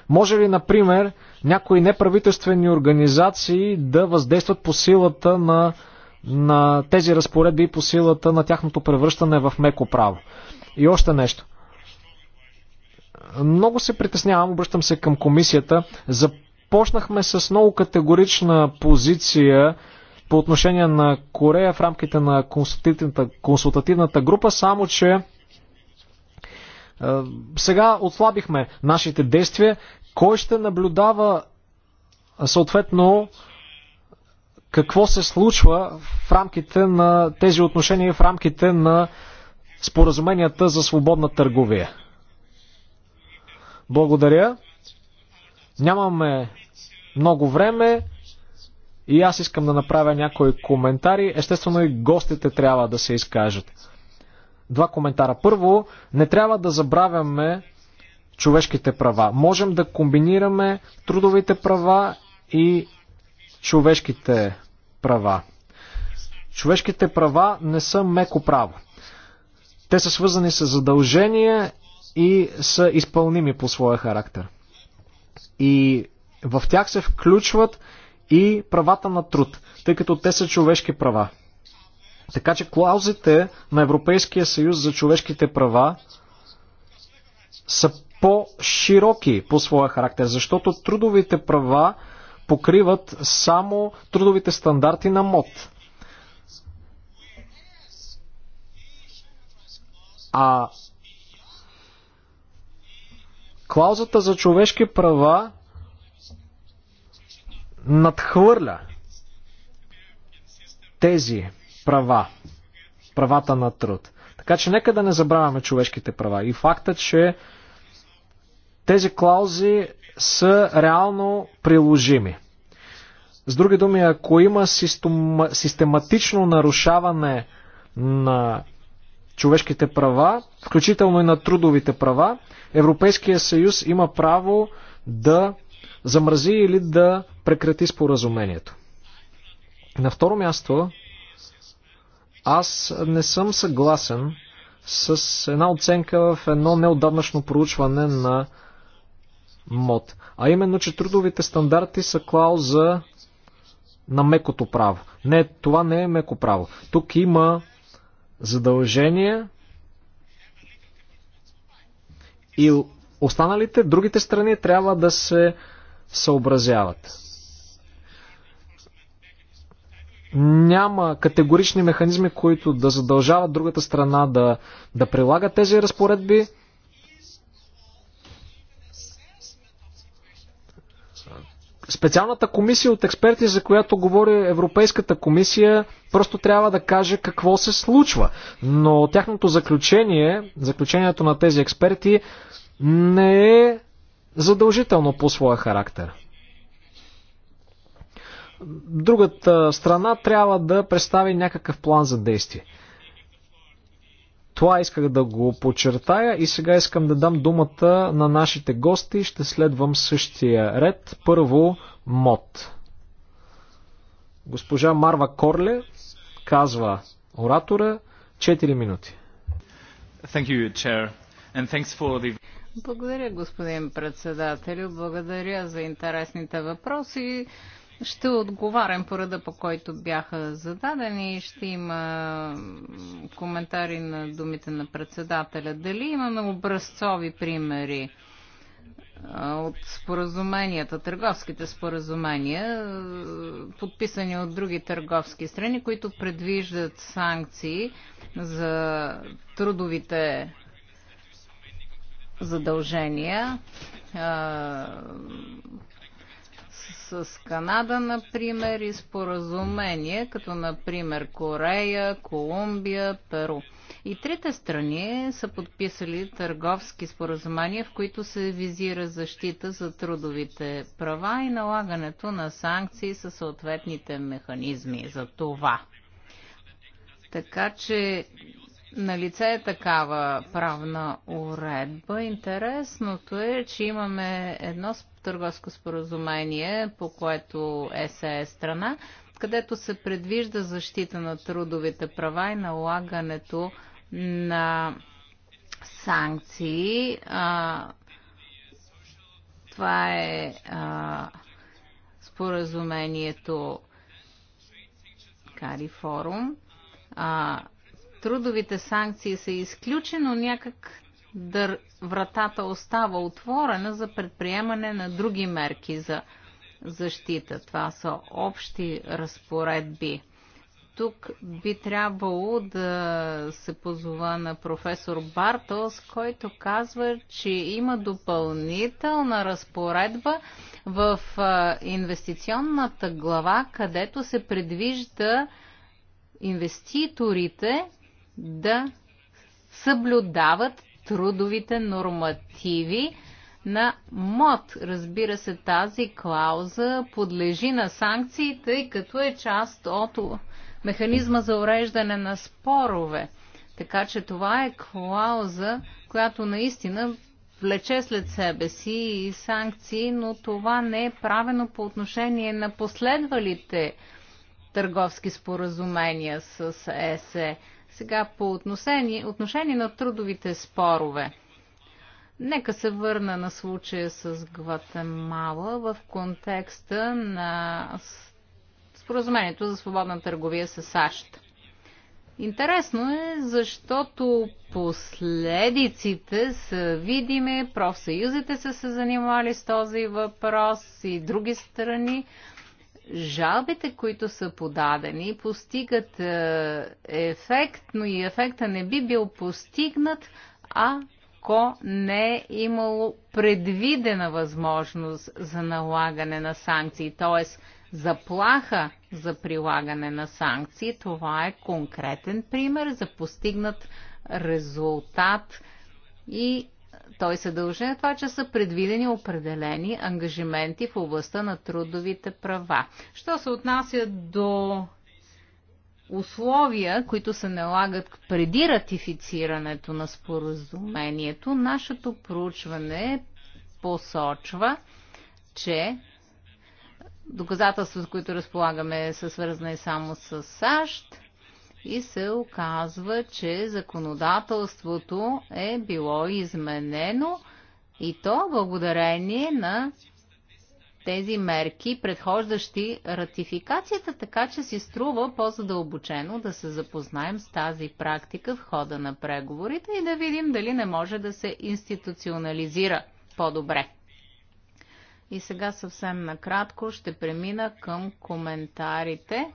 Може ли, например, някои неправителствени организации да въздействат по силата на а, на тези разпоредби по силата на тяхното превръщане в меко право. И още нещо. Много се притеснявам, обръщам се към комисията. Започнахме с много категорична позиция по отношение на Корея в рамките на консултативната, консултативната група, само че е, сега отслабихме нашите действия. Кой ще наблюдава съответно какво се случва в рамките на тези отношения, в рамките на споразуменията за свободна търговия. Благодаря. Нямаме много време и аз искам да направя някои коментари. Естествено и гостите трябва да се изкажат. Два коментара. Първо, не трябва да забравяме човешките права. Можем да комбинираме трудовите права и човешките права. Човешките права не са меко право. Те са свързани с задължения и са изпълними по своя характер. И в тях се включват и правата на труд, тъй като те са човешки права. Така че клаузите на Европейския съюз за човешките права са по-широки по своя характер, защото трудовите права покриват само трудовите стандарти на МОД. А клаузата за човешки права надхвърля тези права, правата на труд. Така че нека да не забравяме човешките права и факта, че тези клаузи са реално приложими. С други думи, ако има систематично нарушаване на човешките права, включително и на трудовите права, Европейския съюз има право да замрази или да прекрати споразумението. На второ място, аз не съм съгласен с една оценка в едно неотдавнашно проучване на МОД. А именно, че трудовите стандарти са клауза на мекото право. Не, това не е меко право. Тук има задължение и останалите, другите страни трябва да се съобразяват. Няма категорични механизми, които да задължават другата страна да, да прилага тези разпоредби. Специалната комисия от експерти, за която говори Европейската комисия, просто трябва да каже какво се случва. Но тяхното заключение, заключението на тези експерти, не е задължително по своя характер. Другата страна трябва да представи някакъв план за действие. Това исках да го подчертая и сега искам да дам думата на нашите гости. Ще следвам същия ред. Първо МОД. Госпожа Марва Корле казва оратора 4 минути. Thank you, chair. And thanks for the... Благодаря, господин председателю. Благодаря за интересните въпроси. Ще отговарям по ръда, по който бяха зададени. Ще има коментари на думите на председателя. Дали имаме образцови примери от споразуменията, търговските споразумения, подписани от други търговски страни, които предвиждат санкции за трудовите задължения с, с Канада, например, и споразумение, като например Корея, Колумбия, Перу. И трите страни са подписали търговски споразумения, в които се визира защита за трудовите права и налагането на санкции със съответните механизми за това. Така че на лице е такава правна уредба. Интересното е, че имаме едно търговско споразумение, по което ЕСА е страна, където се предвижда защита на трудовите права и налагането на санкции. А, това е а, споразумението Кари Форум. А, трудовите санкции са изключени, някак дър... вратата остава отворена за предприемане на други мерки за защита. Това са общи разпоредби. Тук би трябвало да се позова на професор Бартос, който казва, че има допълнителна разпоредба в инвестиционната глава, където се предвижда инвеститорите да съблюдават трудовите нормативи на МОД. Разбира се, тази клауза подлежи на санкции, тъй като е част от механизма за уреждане на спорове. Така че това е клауза, която наистина влече след себе си и санкции, но това не е правено по отношение на последвалите търговски споразумения с ЕСЕ. Сега по отношение, отношение на трудовите спорове. Нека се върна на случая с Гватемала в контекста на споразумението за свободна търговия с САЩ. Интересно е, защото последиците са видими, профсъюзите са се занимавали с този въпрос и други страни жалбите, които са подадени, постигат е, ефект, но и ефекта не би бил постигнат, ако не е имало предвидена възможност за налагане на санкции, т.е. заплаха за прилагане на санкции. Това е конкретен пример за постигнат резултат и той се дължи на това, че са предвидени определени ангажименти в областта на трудовите права. Що се отнася до условия, които се налагат преди ратифицирането на споразумението, нашето проучване посочва, че доказателствата, които разполагаме, са свързани само с САЩ и се оказва, че законодателството е било изменено и то благодарение на тези мерки, предхождащи ратификацията, така че си струва по-задълбочено да се запознаем с тази практика в хода на преговорите и да видим дали не може да се институционализира по-добре. И сега съвсем накратко ще премина към коментарите.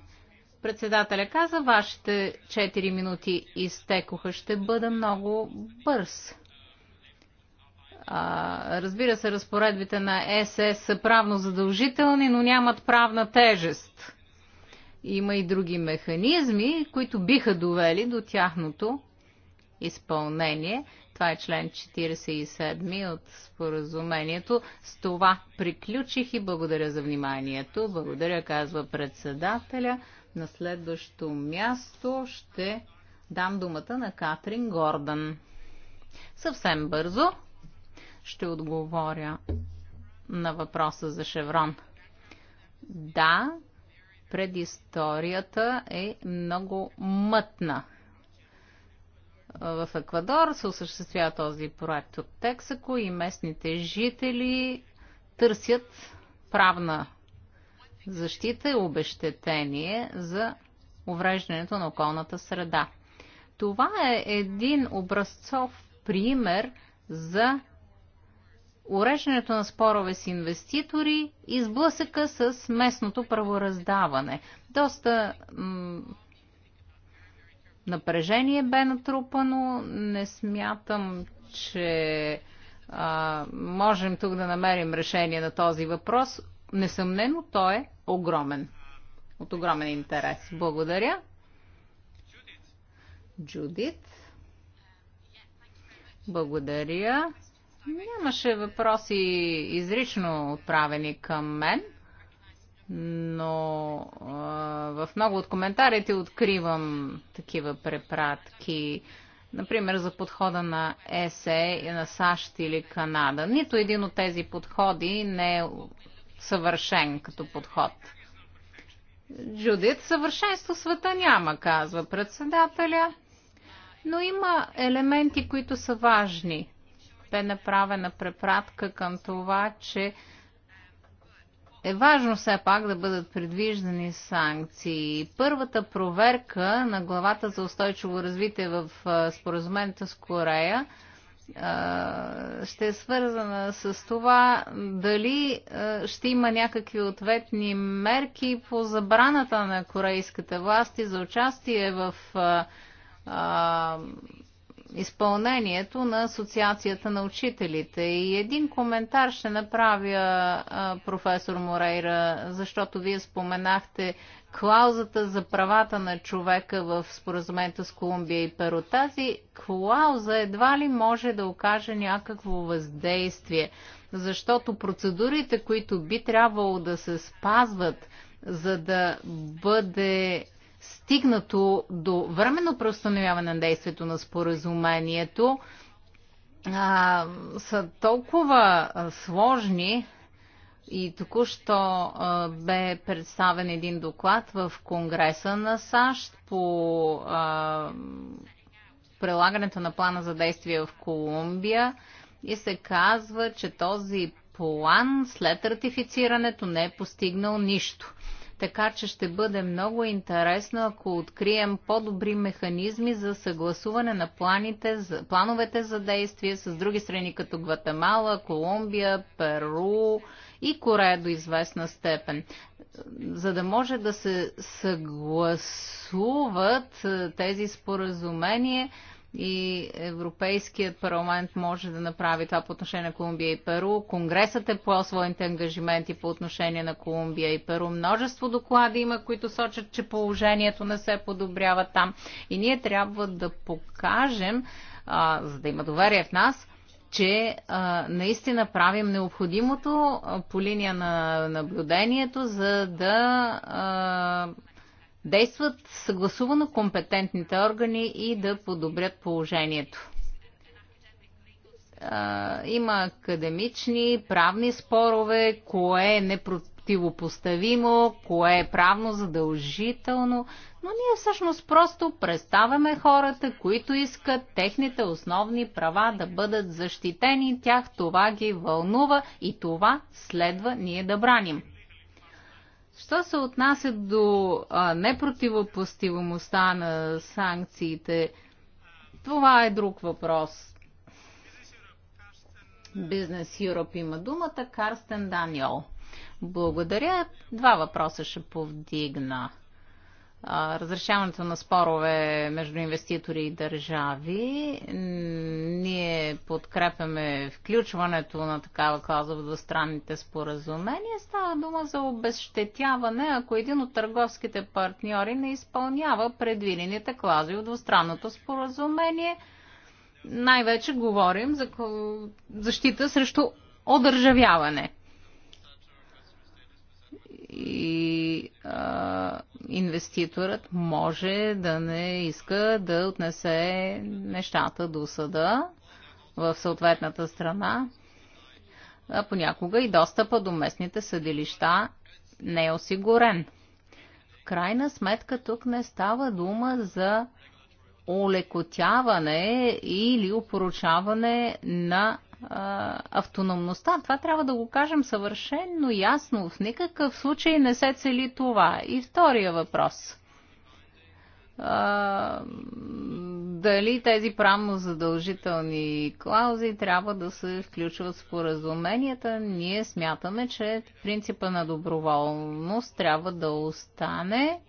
Председателя каза, вашите 4 минути изтекоха. Ще бъда много бърз. А, разбира се, разпоредбите на СС са правно задължителни, но нямат правна тежест. Има и други механизми, които биха довели до тяхното изпълнение. Това е член 47 от споразумението. С това приключих и благодаря за вниманието. Благодаря, казва председателя. На следващо място ще дам думата на Катрин Гордън. Съвсем бързо ще отговоря на въпроса за Шеврон. Да, предисторията е много мътна. В Еквадор се осъществява този проект от Тексако и местните жители търсят правна защита и е обещетение за увреждането на околната среда. Това е един образцов пример за уреждането на спорове с инвеститори и сблъсъка с местното правораздаване. Доста напрежение бе натрупано. Не смятам, че а, можем тук да намерим решение на този въпрос, несъмнено той е огромен. От огромен интерес. Благодаря. Джудит. Благодаря. Нямаше въпроси изрично отправени към мен, но в много от коментарите откривам такива препратки. Например, за подхода на ЕСЕ, на САЩ или Канада. Нито един от тези подходи не е съвършен като подход. Джудит, съвършенство света няма, казва председателя, но има елементи, които са важни. Бе направена препратка към това, че е важно все пак да бъдат предвиждани санкции. Първата проверка на главата за устойчиво развитие в споразумението с Корея – ще е свързана с това дали ще има някакви ответни мерки по забраната на корейската власти за участие в изпълнението на Асоциацията на учителите. И един коментар ще направя, професор Морейра, защото вие споменахте клаузата за правата на човека в споразумението с Колумбия и Перу. Тази клауза едва ли може да окаже някакво въздействие, защото процедурите, които би трябвало да се спазват, за да бъде стигнато до временно преустановяване на действието на споразумението, а, са толкова сложни, и току-що бе представен един доклад в Конгреса на САЩ по а, прилагането на плана за действие в Колумбия и се казва, че този план след ратифицирането не е постигнал нищо. Така че ще бъде много интересно, ако открием по-добри механизми за съгласуване на планите, за, плановете за действие с други страни като Гватемала, Колумбия, Перу и Корея до известна степен, за да може да се съгласуват е, тези споразумения и Европейският парламент може да направи това по отношение на Колумбия и Перу. Конгресът е поел своите ангажименти по отношение на Колумбия и Перу. Множество доклади има, които сочат, че положението не се подобрява там. И ние трябва да покажем, а, за да има доверие в нас, че а, наистина правим необходимото а, по линия на наблюдението, за да а, действат съгласувано компетентните органи и да подобрят положението. А, има академични, правни спорове, кое е непротивопоставимо, кое е правно задължително. Но ние всъщност просто представяме хората, които искат техните основни права да бъдат защитени, тях това ги вълнува и това следва ние да браним. Що се отнася до непротивопостивомостта на санкциите, това е друг въпрос. Бизнес Юроп има думата. Карстен Даниел. Благодаря. Два въпроса ще повдигна разрешаването на спорове между инвеститори и държави. Ние подкрепяме включването на такава клауза в двустранните споразумения. Става дума за обезщетяване, ако един от търговските партньори не изпълнява предвидените клаузи в двустранното споразумение. Най-вече говорим за защита срещу одържавяване и а, инвеститорът може да не иска да отнесе нещата до съда в съответната страна. А понякога и достъпа до местните съдилища не е осигурен. В крайна сметка тук не става дума за олекотяване или опоручаване на автономността. Това трябва да го кажем съвършенно ясно. В никакъв случай не се цели това. И втория въпрос. А, дали тези правно задължителни клаузи трябва да се включват в споразуменията? Ние смятаме, че принципа на доброволност трябва да остане.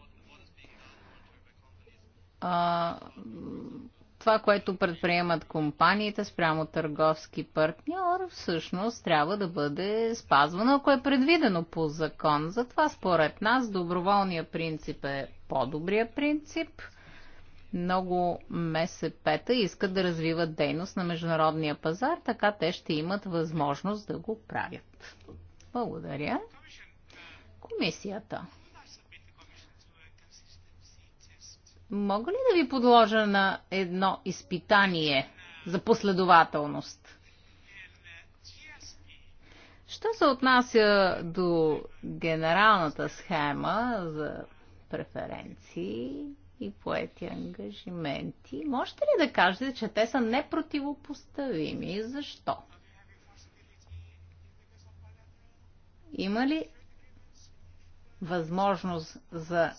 А, това, което предприемат компаниите спрямо търговски партньор, всъщност трябва да бъде спазвано, ако е предвидено по закон. Затова според нас доброволният принцип е по-добрия принцип. Много МСП-та искат да развиват дейност на международния пазар, така те ще имат възможност да го правят. Благодаря. Комисията. Мога ли да ви подложа на едно изпитание за последователност? Що се отнася до генералната схема за преференции и поети ангажименти, можете ли да кажете, че те са непротивопоставими? Защо? Има ли възможност за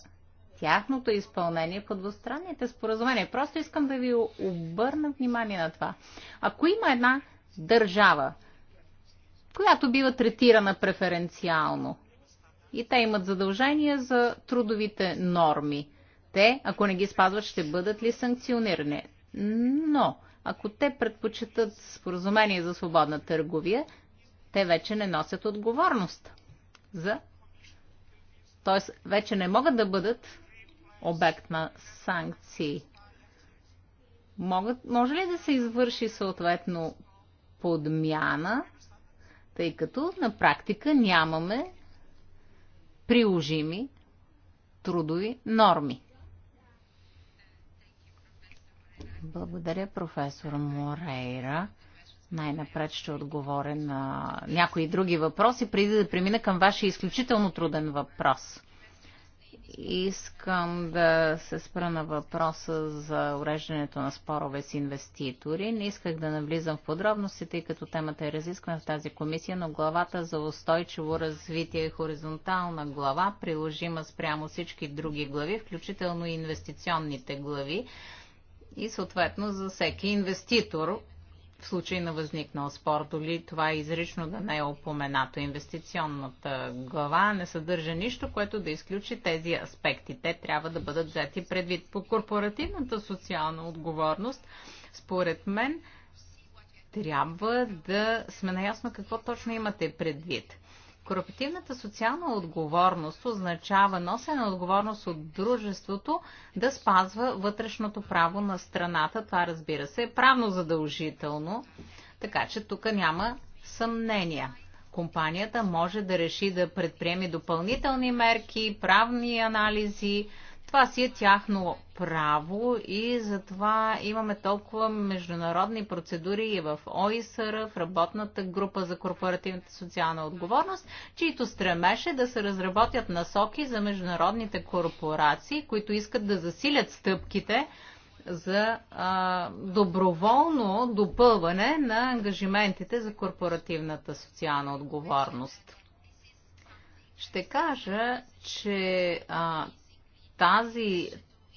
тяхното изпълнение по двустранните споразумения. Просто искам да ви обърна внимание на това. Ако има една държава, която бива третирана преференциално, и те имат задължения за трудовите норми, те, ако не ги спазват, ще бъдат ли санкционирани? Но, ако те предпочитат споразумение за свободна търговия, те вече не носят отговорност за. Тоест, вече не могат да бъдат обект на санкции. Могат, може ли да се извърши съответно подмяна, тъй като на практика нямаме приложими трудови норми? Благодаря, професор Морейра. Най-напред ще отговоря на някои други въпроси, преди да премина към вашия изключително труден въпрос – Искам да се спра на въпроса за уреждането на спорове с инвеститори. Не исках да навлизам в подробности, тъй като темата е разисквана в тази комисия, но главата за устойчиво развитие е хоризонтална глава, приложима спрямо всички други глави, включително и инвестиционните глави и съответно за всеки инвеститор в случай на възникнал спор. дали това е изрично да не е опоменато. Инвестиционната глава не съдържа нищо, което да изключи тези аспекти. Те трябва да бъдат взети предвид. По корпоративната социална отговорност, според мен, трябва да сме наясно какво точно имате предвид. Корпоративната социална отговорност означава носена отговорност от дружеството да спазва вътрешното право на страната. Това разбира се е правно задължително, така че тук няма съмнения. Компанията може да реши да предприеме допълнителни мерки, правни анализи, това си е тяхно право и затова имаме толкова международни процедури и в ОИСР, в работната група за корпоративната социална отговорност, чието стремеше да се разработят насоки за международните корпорации, които искат да засилят стъпките за а, доброволно допълване на ангажиментите за корпоративната социална отговорност. Ще кажа, че а, тази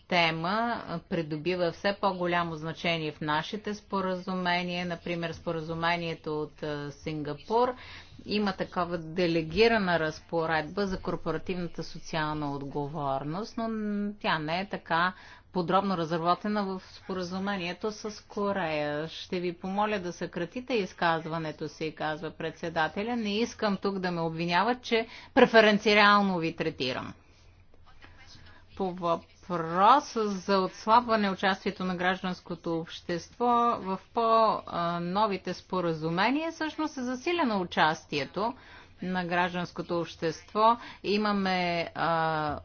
тема придобива все по-голямо значение в нашите споразумения, например споразумението от Сингапур. Има такава делегирана разпоредба за корпоративната социална отговорност, но тя не е така подробно разработена в споразумението с Корея. Ще ви помоля да съкратите изказването си, казва председателя. Не искам тук да ме обвиняват, че преференциално ви третирам по въпроса за отслабване участието на гражданското общество в по-новите споразумения, всъщност е засиля на участието на гражданското общество. Имаме а,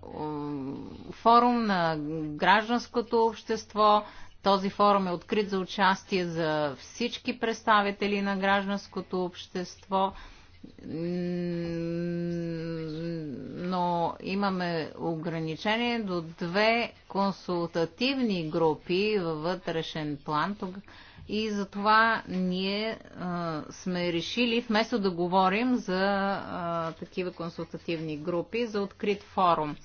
форум на гражданското общество. Този форум е открит за участие за всички представители на гражданското общество но имаме ограничение до две консултативни групи във вътрешен план. И затова ние а, сме решили, вместо да говорим за а, такива консултативни групи, за открит форум.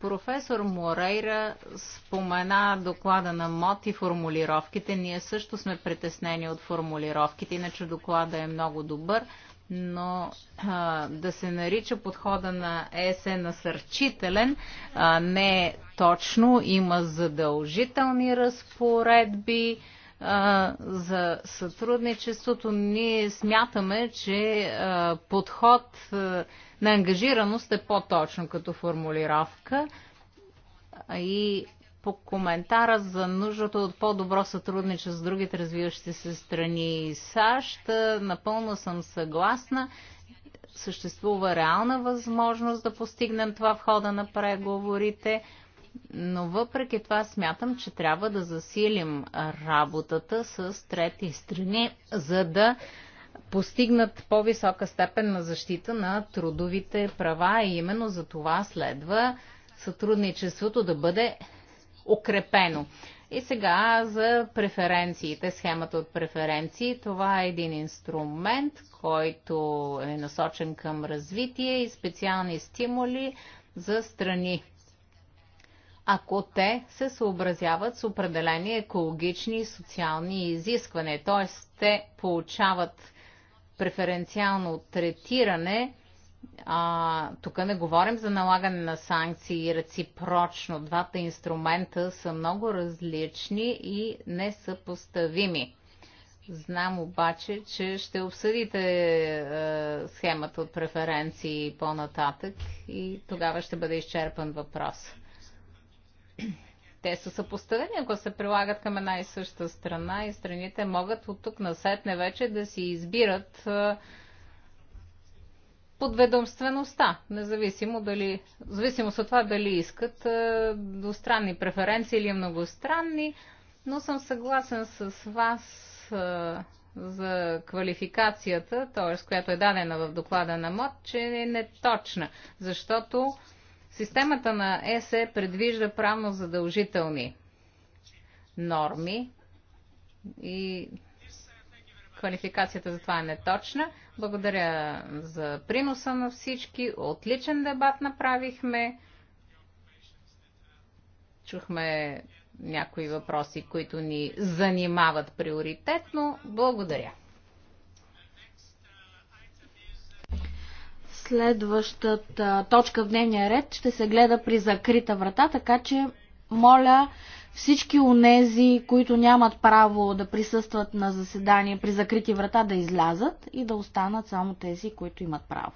Професор Морейра спомена доклада на МОТ и формулировките. Ние също сме притеснени от формулировките, иначе доклада е много добър но а, да се нарича подхода на ЕС е насърчителен, а, не е точно. Има задължителни разпоредби а, за сътрудничеството. Ние смятаме, че а, подход а, на ангажираност е по-точно като формулировка и по коментара за нуждата от по-добро сътрудничество с другите развиващи се страни и САЩ. Напълно съм съгласна. Съществува реална възможност да постигнем това в хода на преговорите, но въпреки това смятам, че трябва да засилим работата с трети страни, за да постигнат по-висока степен на защита на трудовите права и именно за това следва сътрудничеството да бъде укрепено. И сега за преференциите, схемата от преференции. Това е един инструмент, който е насочен към развитие и специални стимули за страни, ако те се съобразяват с определени екологични и социални изисквания, т.е. те получават преференциално третиране – а, тук не говорим за налагане на санкции реципрочно. Двата инструмента са много различни и несъпоставими. Знам обаче, че ще обсъдите е, схемата от преференции по-нататък и тогава ще бъде изчерпан въпрос. Те са съпоставени, ако се прилагат към една и съща страна и страните могат от тук насетне вече да си избират е, подведомствеността, независимо дали, зависимост от това дали искат е, двустранни преференции или многостранни, но съм съгласен с вас е, за квалификацията, т.е. която е дадена в доклада на МОД, че е неточна, защото системата на ЕСЕ предвижда правно задължителни норми и квалификацията за това е неточна. Благодаря за приноса на всички. Отличен дебат направихме. Чухме някои въпроси, които ни занимават приоритетно. Благодаря. Следващата точка в дневния ред ще се гледа при закрита врата, така че моля всички онези, които нямат право да присъстват на заседание при закрити врата, да излязат и да останат само тези, които имат право.